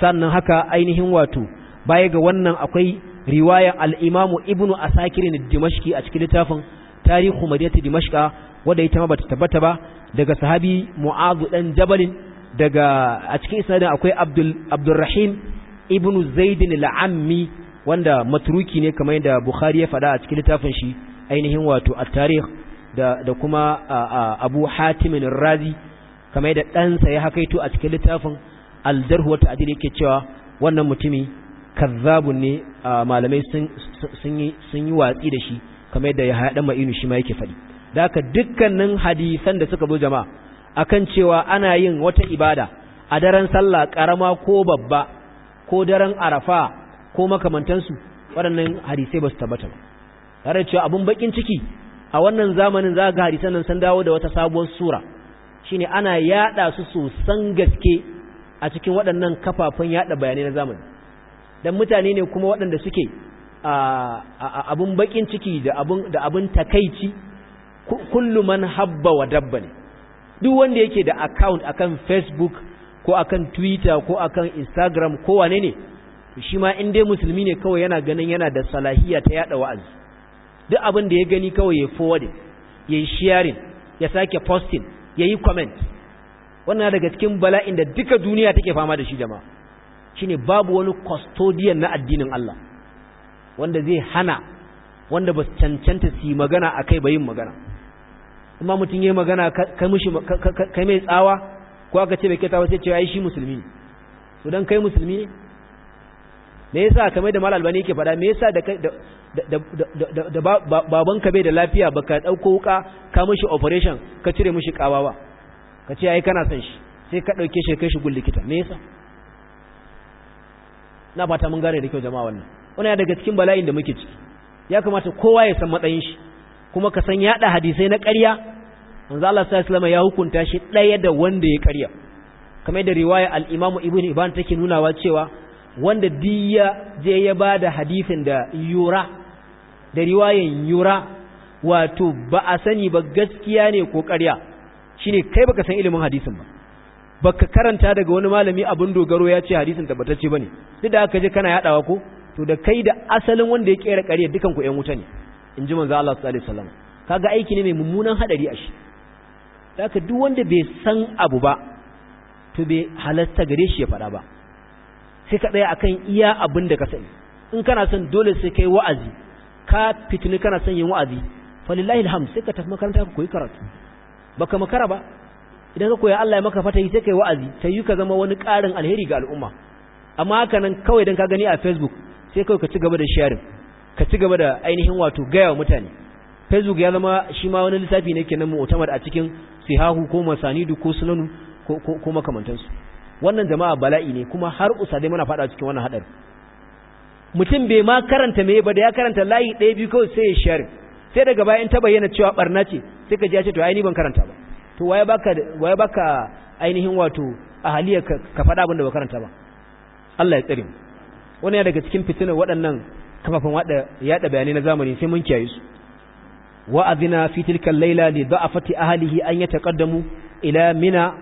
sannan haka ainihin wato baya ga wannan akwai riwaya al ibnu Ibn Asakir dimashki a cikin littafin Tarihu Madinati dimashka wanda ita ma bata tabbata ba daga sahabi mu'azu dan Jabalin daga a cikin isnadin akwai Abdul Abdurrahim ibn Zaidin al-Ammi wanda maturuki ne kamar yadda Bukhari ya fada a cikin littafin shi ainihin wato at-tarikh da da kuma Abu Hatim ar-Razi kamar yadda ɗansa ya hakaito a cikin littafin al-Jarh wa Ta'dil yake cewa wannan mutumi kazzabun ne malamai sun yi watsi da shi kamar yadda ya haɗa ma'inu shi ma yake faɗi da aka dukkanin hadisan da suka zo jama'a akan cewa ana yin wata ibada a daren sallah karama ko babba ko daren arafa ko makamantansu waɗannan hadisai ba su tabbata ba tare cewa abun bakin ciki a wannan zamanin za ga hadisan nan san dawo da wata sabuwar sura shine ana yada su sosan gaske a cikin waɗannan kafafen yada bayanai na zamani dan mutane ne kuma waɗanda suke a abun bakin ciki da abun da abun takaici kullu man habba wa dabba duk wanda yake da account akan facebook ko akan twitter ko akan instagram ko wane ne shi ma in dai musulmi ne kawai yana ganin yana da salahiya ta yada wa'azi duk abin da ya gani kawai ya forward ya yi sharing ya sake posting ya yi comment wannan daga cikin bala'in da duka duniya take fama da shi jama'a shine babu wani custodian na addinin Allah wanda zai hana wanda ba cancanta su yi magana akai ba yin magana amma mutum yi magana kai kai mai tsawa ko aka ce bai kyauta ba sai ce shi musulmi ne to kai musulmi ne me yasa kamar da mal albani yake faɗa me yasa da da babanka bai da lafiya baka dauko wuka ka mishi operation ka cire mishi kawa ba ka ce yi kana son shi sai ka dauke shi kai shi gun likita me yasa na fata mun gane da kyau jama'a wannan Wani ya daga cikin bala'in da muke ciki ya kamata kowa ya san matsayin shi kuma ka san yaɗa hadisai na ƙarya manzo Allah sallallahu ya hukunta shi ɗaya da wanda ya karya kamar da riwaya Al'imamu imam Ibn Ibn take nunawa cewa wanda diya je ya bada hadisin da yura da riwayan yura wato ba a sani ba gaskiya ne ko karya shine kai baka san ilimin hadisin ba baka karanta daga wani malami abin dogaro ya ce hadisin tabbatacce bane duk da aka je kana yadawa ko to da kai da asalin wanda ya kera ƙarya dukan ku ƴan wuta ne Inji ji manzo Allah sallallahu alaihi wasallam aiki ne mai mummunan haɗari a shi da duk wanda bai san abu ba to bai halatta gare shi ya faɗa ba sai ka ɗaya akan iya abin da ka sani in kana son dole sai kai wa'azi ka fitini kana son yin wa'azi falillahi alhamd sai ka tafi makaranta ka koyi karatu baka makara ba idan ka koya Allah ya maka yi sai kai wa'azi yi ka zama wani karin alheri ga al'umma amma haka nan kawai dan ka gani a Facebook sai kawai ka ci gaba da sharing ka ci gaba da ainihin wato gaya wa mutane Facebook ya zama shi ma wani lissafi ne kenan mu'tamad a cikin sihahu ko masanidu ko sunanu ko makamantansu wannan jama'a bala'i ne kuma har dai muna fada cikin wannan hadari mutum bai ma karanta me ba da ya karanta layi ɗaya biyu kawai sai ya share sai daga bayan ta bayyana cewa barna ce sai ka ji ya ce to ai ni ban karanta ba to waye baka waye baka ainihin wato ahaliya ka fada abin da ba karanta ba Allah ya tsare mu wannan ya daga cikin fitinar waɗannan kafafen yaɗa bayanai na zamani sai mun kiyaye su وأذنا في تلك الليلة لضعفة أهله أن يتقدموا إلى منى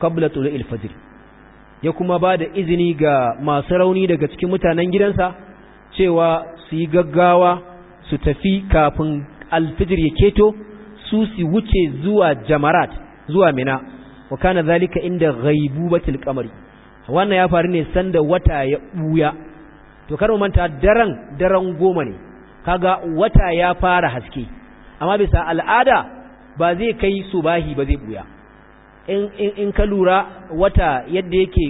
قبل طلوع الفجر ya kuma ba da izini ga masu rauni daga cikin mutanen gidansa cewa su yi gaggawa su tafi kafin alfijir ya keto su su wuce zuwa jamarat zuwa mina wa kana zalika inda ghaibubatil qamari wannan ya faru ne sanda wata ya buya to kar mu manta daren daren goma ne kaga wata ya fara haske amma bisa al'ada ba zai kai bahi ba zai buya in ka lura wata yadda yake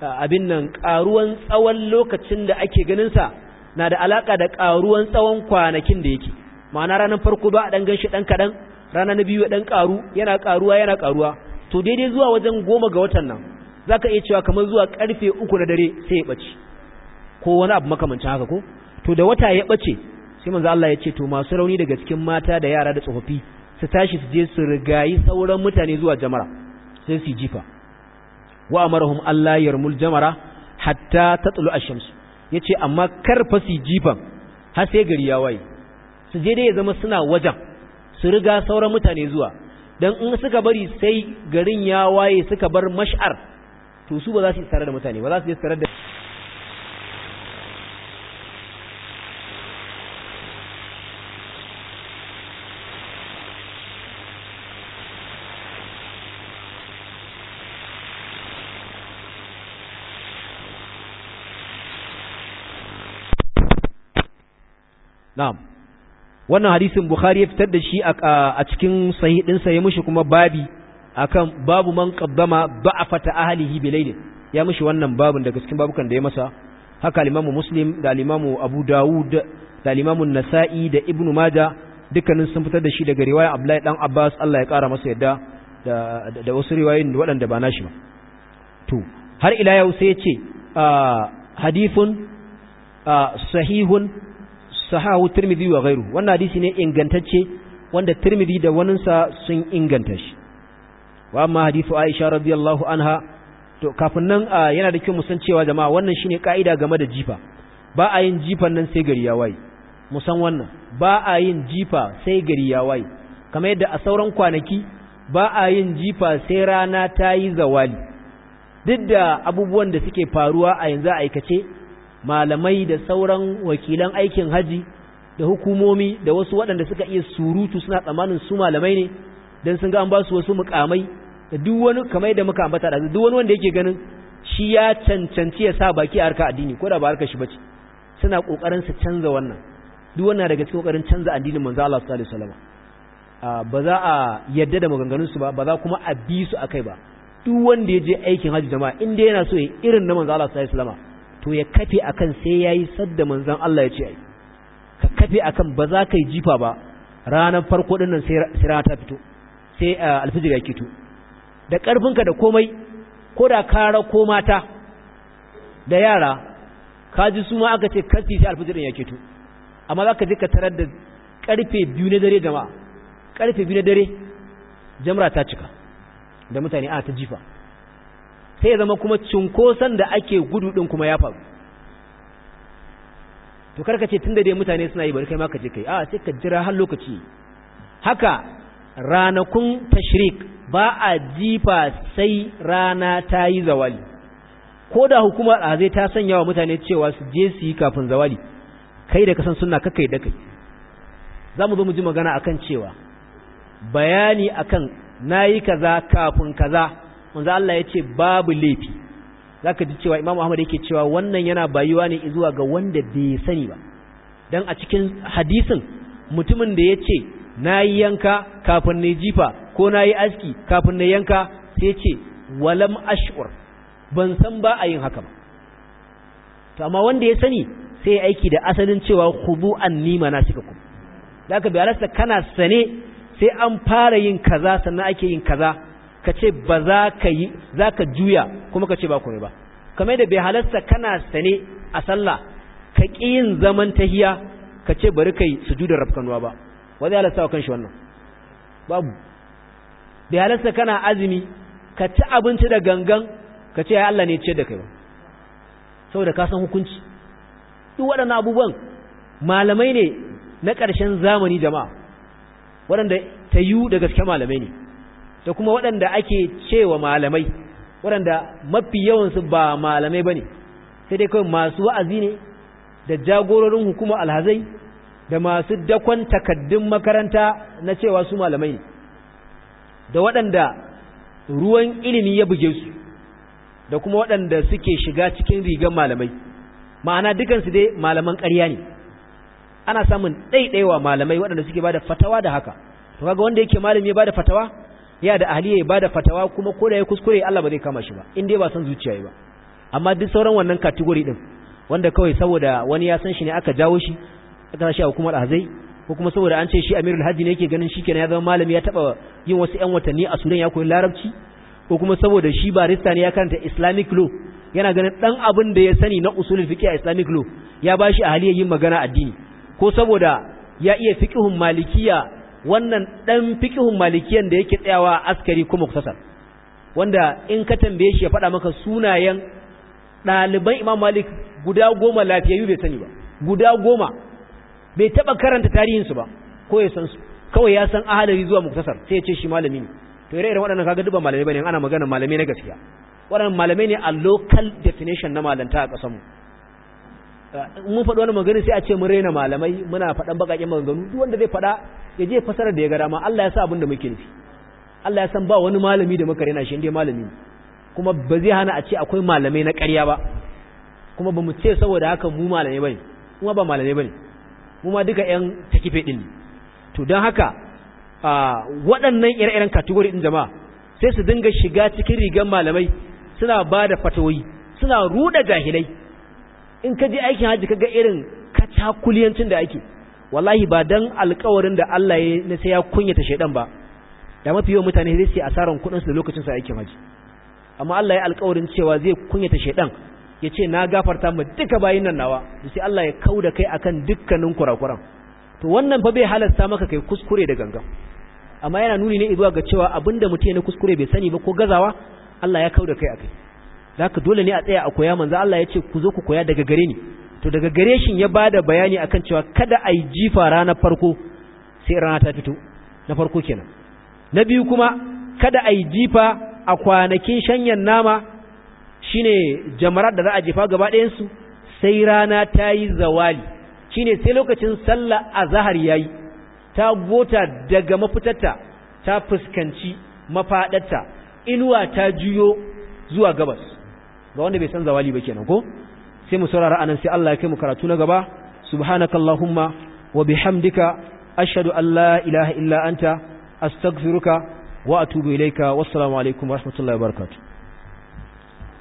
abin nan karuwan tsawon lokacin da ake ganinsa na da alaka da ƙaruwan tsawon kwanakin da yake ma'ana ranar farko ba a ɗan ganshi ɗan kaɗan rana na biyu dan ɗan ƙaru yana ƙaruwa yana karuwa to daidai zuwa wajen goma ga watan nan za ka iya cewa kamar zuwa karfe uku na dare sai ya ɓace ko wani abu makamancin haka ko to da wata ya ɓace sai manzo Allah ya ce to masu rauni daga cikin mata da yara da tsofaffi su tashi su je su rigayi sauran mutane zuwa jamara sai su jifa wa amarahum Allah yarmul jamara hatta tatlu ash-shams yace amma kar fa su jifan har sai gari ya waye su je dai ya zama suna wajen su riga sauran mutane zuwa dan in suka bari sai garin ya waye suka bar mash'ar to su ba za su yi tsare da mutane ba za su je tsare da na'am wannan hadisin bukhari ya fitar da shi a cikin sahih sa ya mushi kuma babi akan babu man qaddama ta ahlihi bilailin ya mushi wannan babin daga cikin babukan da ya masa haka al muslim da al abu dawud da al nasa'i da ibnu majah dukkanin sun fitar da shi daga riwaya abdullahi dan abbas Allah ya kara masa yadda da wasu riwayoyin waɗanda ba nashi ba to har ila yau sai ya ce hadifun sahihun sahahu tirmidhi wa ghairu wannan hadisi ne ingantacce wanda tirmidhi da waninsa sun inganta shi wa amma hadithu aisha radiyallahu anha to kafin nan yana da kyau musan cewa jama'a wannan shine kaida game da jifa ba a yin jifan nan sai gari ya waye mu wannan ba a yin jifa sai gari ya waye kamar yadda a sauran kwanaki ba a yin jifa sai rana ta yi zawali duk da abubuwan da suke faruwa a yanzu aikace malamai da sauran wakilan aikin haji da hukumomi da wasu waɗanda suka iya surutu suna tsamanin su malamai ne don sun ga an ba su wasu mukamai da duk wani kamar yadda muka ambata da duk wani wanda yake ganin shi ya cancanci ya sa baki a harkar addini ko da ba harkar shi bace suna kokarin su canza wannan duk wannan daga cikin kokarin canza addinin manzo Allah sallallahu alaihi wasallam ba za a yadda da maganganun su ba ba za kuma a bi su akai ba duk wanda ya je aikin haji jama'a inda yana so ya irin na manzo Allah sallallahu alaihi wasallam to ya kafe akan sai yayi sadda manzon Allah ya ce ai ka kafe akan ba za ka yi jifa ba ranar farko ɗin nan sai rana ta fito sai alfijir ya kito da karfinka da komai ko da kara ko mata da yara ka ji su ma aka ce kafi sai alfijir ya kito amma za ka je ka tarar da karfe biyu na dare jama'a karfe biyu na dare jamra ta cika da mutane a ta jifa sai zama kuma cunkoson da ake gudu din kuma ya faru to karka ce tun da dai mutane suna yi bari kai ma je kai a sai ka jira har lokaci haka ranakun tashrik ba a jifa sai rana ta yi zawali ko da hukuma a zai ta sanya wa mutane cewa su je su yi kafin zawali kai da kasan suna kakai da kai za mu zo mu ji magana akan cewa bayani akan yi kaza kafin kaza manzo Allah ce babu laifi zaka ji cewa Imam Ahmad yake cewa wannan yana bayuwa ne zuwa ga wanda bai sani ba dan a cikin hadisin mutumin da yace nayi yanka kafin na jifa ko nayi aski kafin na yanka sai yace walam ash'ur ban san ba a yin haka ba to amma wanda ya sani sai aiki da asalin cewa khudu'an nima nasikakum zaka bi alasta kana sane sai an fara yin kaza sannan ake yin kaza ka ce ba za ka yi za ka juya kuma ka ce ba kuma ba kamar da bai halasta kana sane a sallah ka ƙi yin zaman tahiya ka ce bari kai juda rafkanuwa ba wa zai halasta wa kanshi wannan babu bai halasta kana azumi ka ci abinci da gangan ka ce ya Allah ne ce da kai ba saboda ka san hukunci duk waɗannan abubuwan malamai ne na ƙarshen zamani jama'a waɗanda ta yiwu da gaske malamai ne da kuma waɗanda ake cewa malamai waɗanda mafi yawansu ba malamai ba ne sai dai kawai masu wa'azi ne da jagororin hukuma alhazai da masu dakon takaddun makaranta na cewa su malamai ne da waɗanda ruwan ilimi ya buge su da kuma waɗanda suke shiga cikin rigar malamai ma'ana dukansu dai malaman ƙarya ne ana samun ɗaiɗaiwa malamai waɗanda suke bada fatawa da haka to kaga wanda yake malami ya bada fatawa ya da ahli ya da fatawa kuma ko da ya kuskure Allah ba zai kama shi ba in dai ba san zuciya ba amma duk sauran wannan category din wanda kawai saboda wani ya san shi ne aka jawo shi aka shi a hukumar azai ko kuma saboda an ce shi Amirul Hadi ne yake ganin shikenan ya zama malami ya taba yin wasu 'yan watanni a Sudan ya koyi Larabci ko kuma saboda shi barista ne ya karanta Islamic law yana ganin dan abin da ya sani na usulul fiqh a Islamic law ya bashi ya yin magana addini ko saboda ya iya fiqhun malikiya wannan dan fikihun malikiyan da yake tsayawa askari ko muktasar wanda in ka tambaye shi ya faɗa maka sunayen ɗaliban Imam Malik guda goma lafiyayyu bai sani ba guda goma bai taɓa karanta tarihinsu ba ko ya san su kawai ya san ahalari zuwa muktasar sai ya ce shi malami ne to ire iren waɗannan kaga duba malamai bane ana magana malamai na gaskiya waɗannan malamai ne a local definition na malanta a ƙasarmu mun faɗi wani magani sai a ce mun raina malamai muna faɗan baƙaƙen maganganu duk wanda zai faɗa ya je fasarar da ya gara ma Allah ya sa abin da muke nufi Allah ya san ba wani malami da muka rena shi inda malami kuma ba zai hana a ce akwai malamai na ƙarya ba kuma ba mu ce saboda haka mu malamai bane kuma ba malamai bane mu ma duka ƴan takife din to don haka waɗannan ire-iren kategori din jama'a sai su dinga shiga cikin rigar malamai suna ba da fatawoyi suna ruɗa jahilai in ka je aikin haji ka ga irin kacakuliyancin da ake wallahi ba dan alƙawarin da Allah ya na sai ya kunyata shaidan ba da mafi yawan mutane zai sai asaran kuɗin su da lokacin sa aikin haji amma Allah ya alƙawarin cewa zai kunyata shaidan ya ce na gafarta mu duka bayin nan nawa sai Allah ya kauda kai akan dukkanin kurakuran to wannan fa bai halasta maka kai kuskure da gangan amma yana nuni ne zuwa ga cewa abinda mutum ya kuskure bai sani ba ko gazawa Allah ya kauda kai akai zaka dole ne a tsaya a koya manzo Allah yace ku zo ku koya daga gare ni to daga gare shi ya bada bayani akan cewa kada a jifa ranar farko sai rana ta fito na farko kenan na biyu kuma kada a jifa a kwanakin shanyan nama shine jamarar da za a jifa gaba su sai rana ta yi zawali shine sai lokacin sallah azhar yayi ta gota daga mafitarta ta fuskanci mafadarta inuwa ta juyo zuwa gabas ga wanda bai san zawali ba kenan ko sai mu saurara anan sai Allah ya kai mu karatu na gaba subhanakallahumma wa bihamdika ashhadu an la ilaha illa anta astaghfiruka wa atubu ilaika wassalamu alaikum warahmatullahi wabarakatuh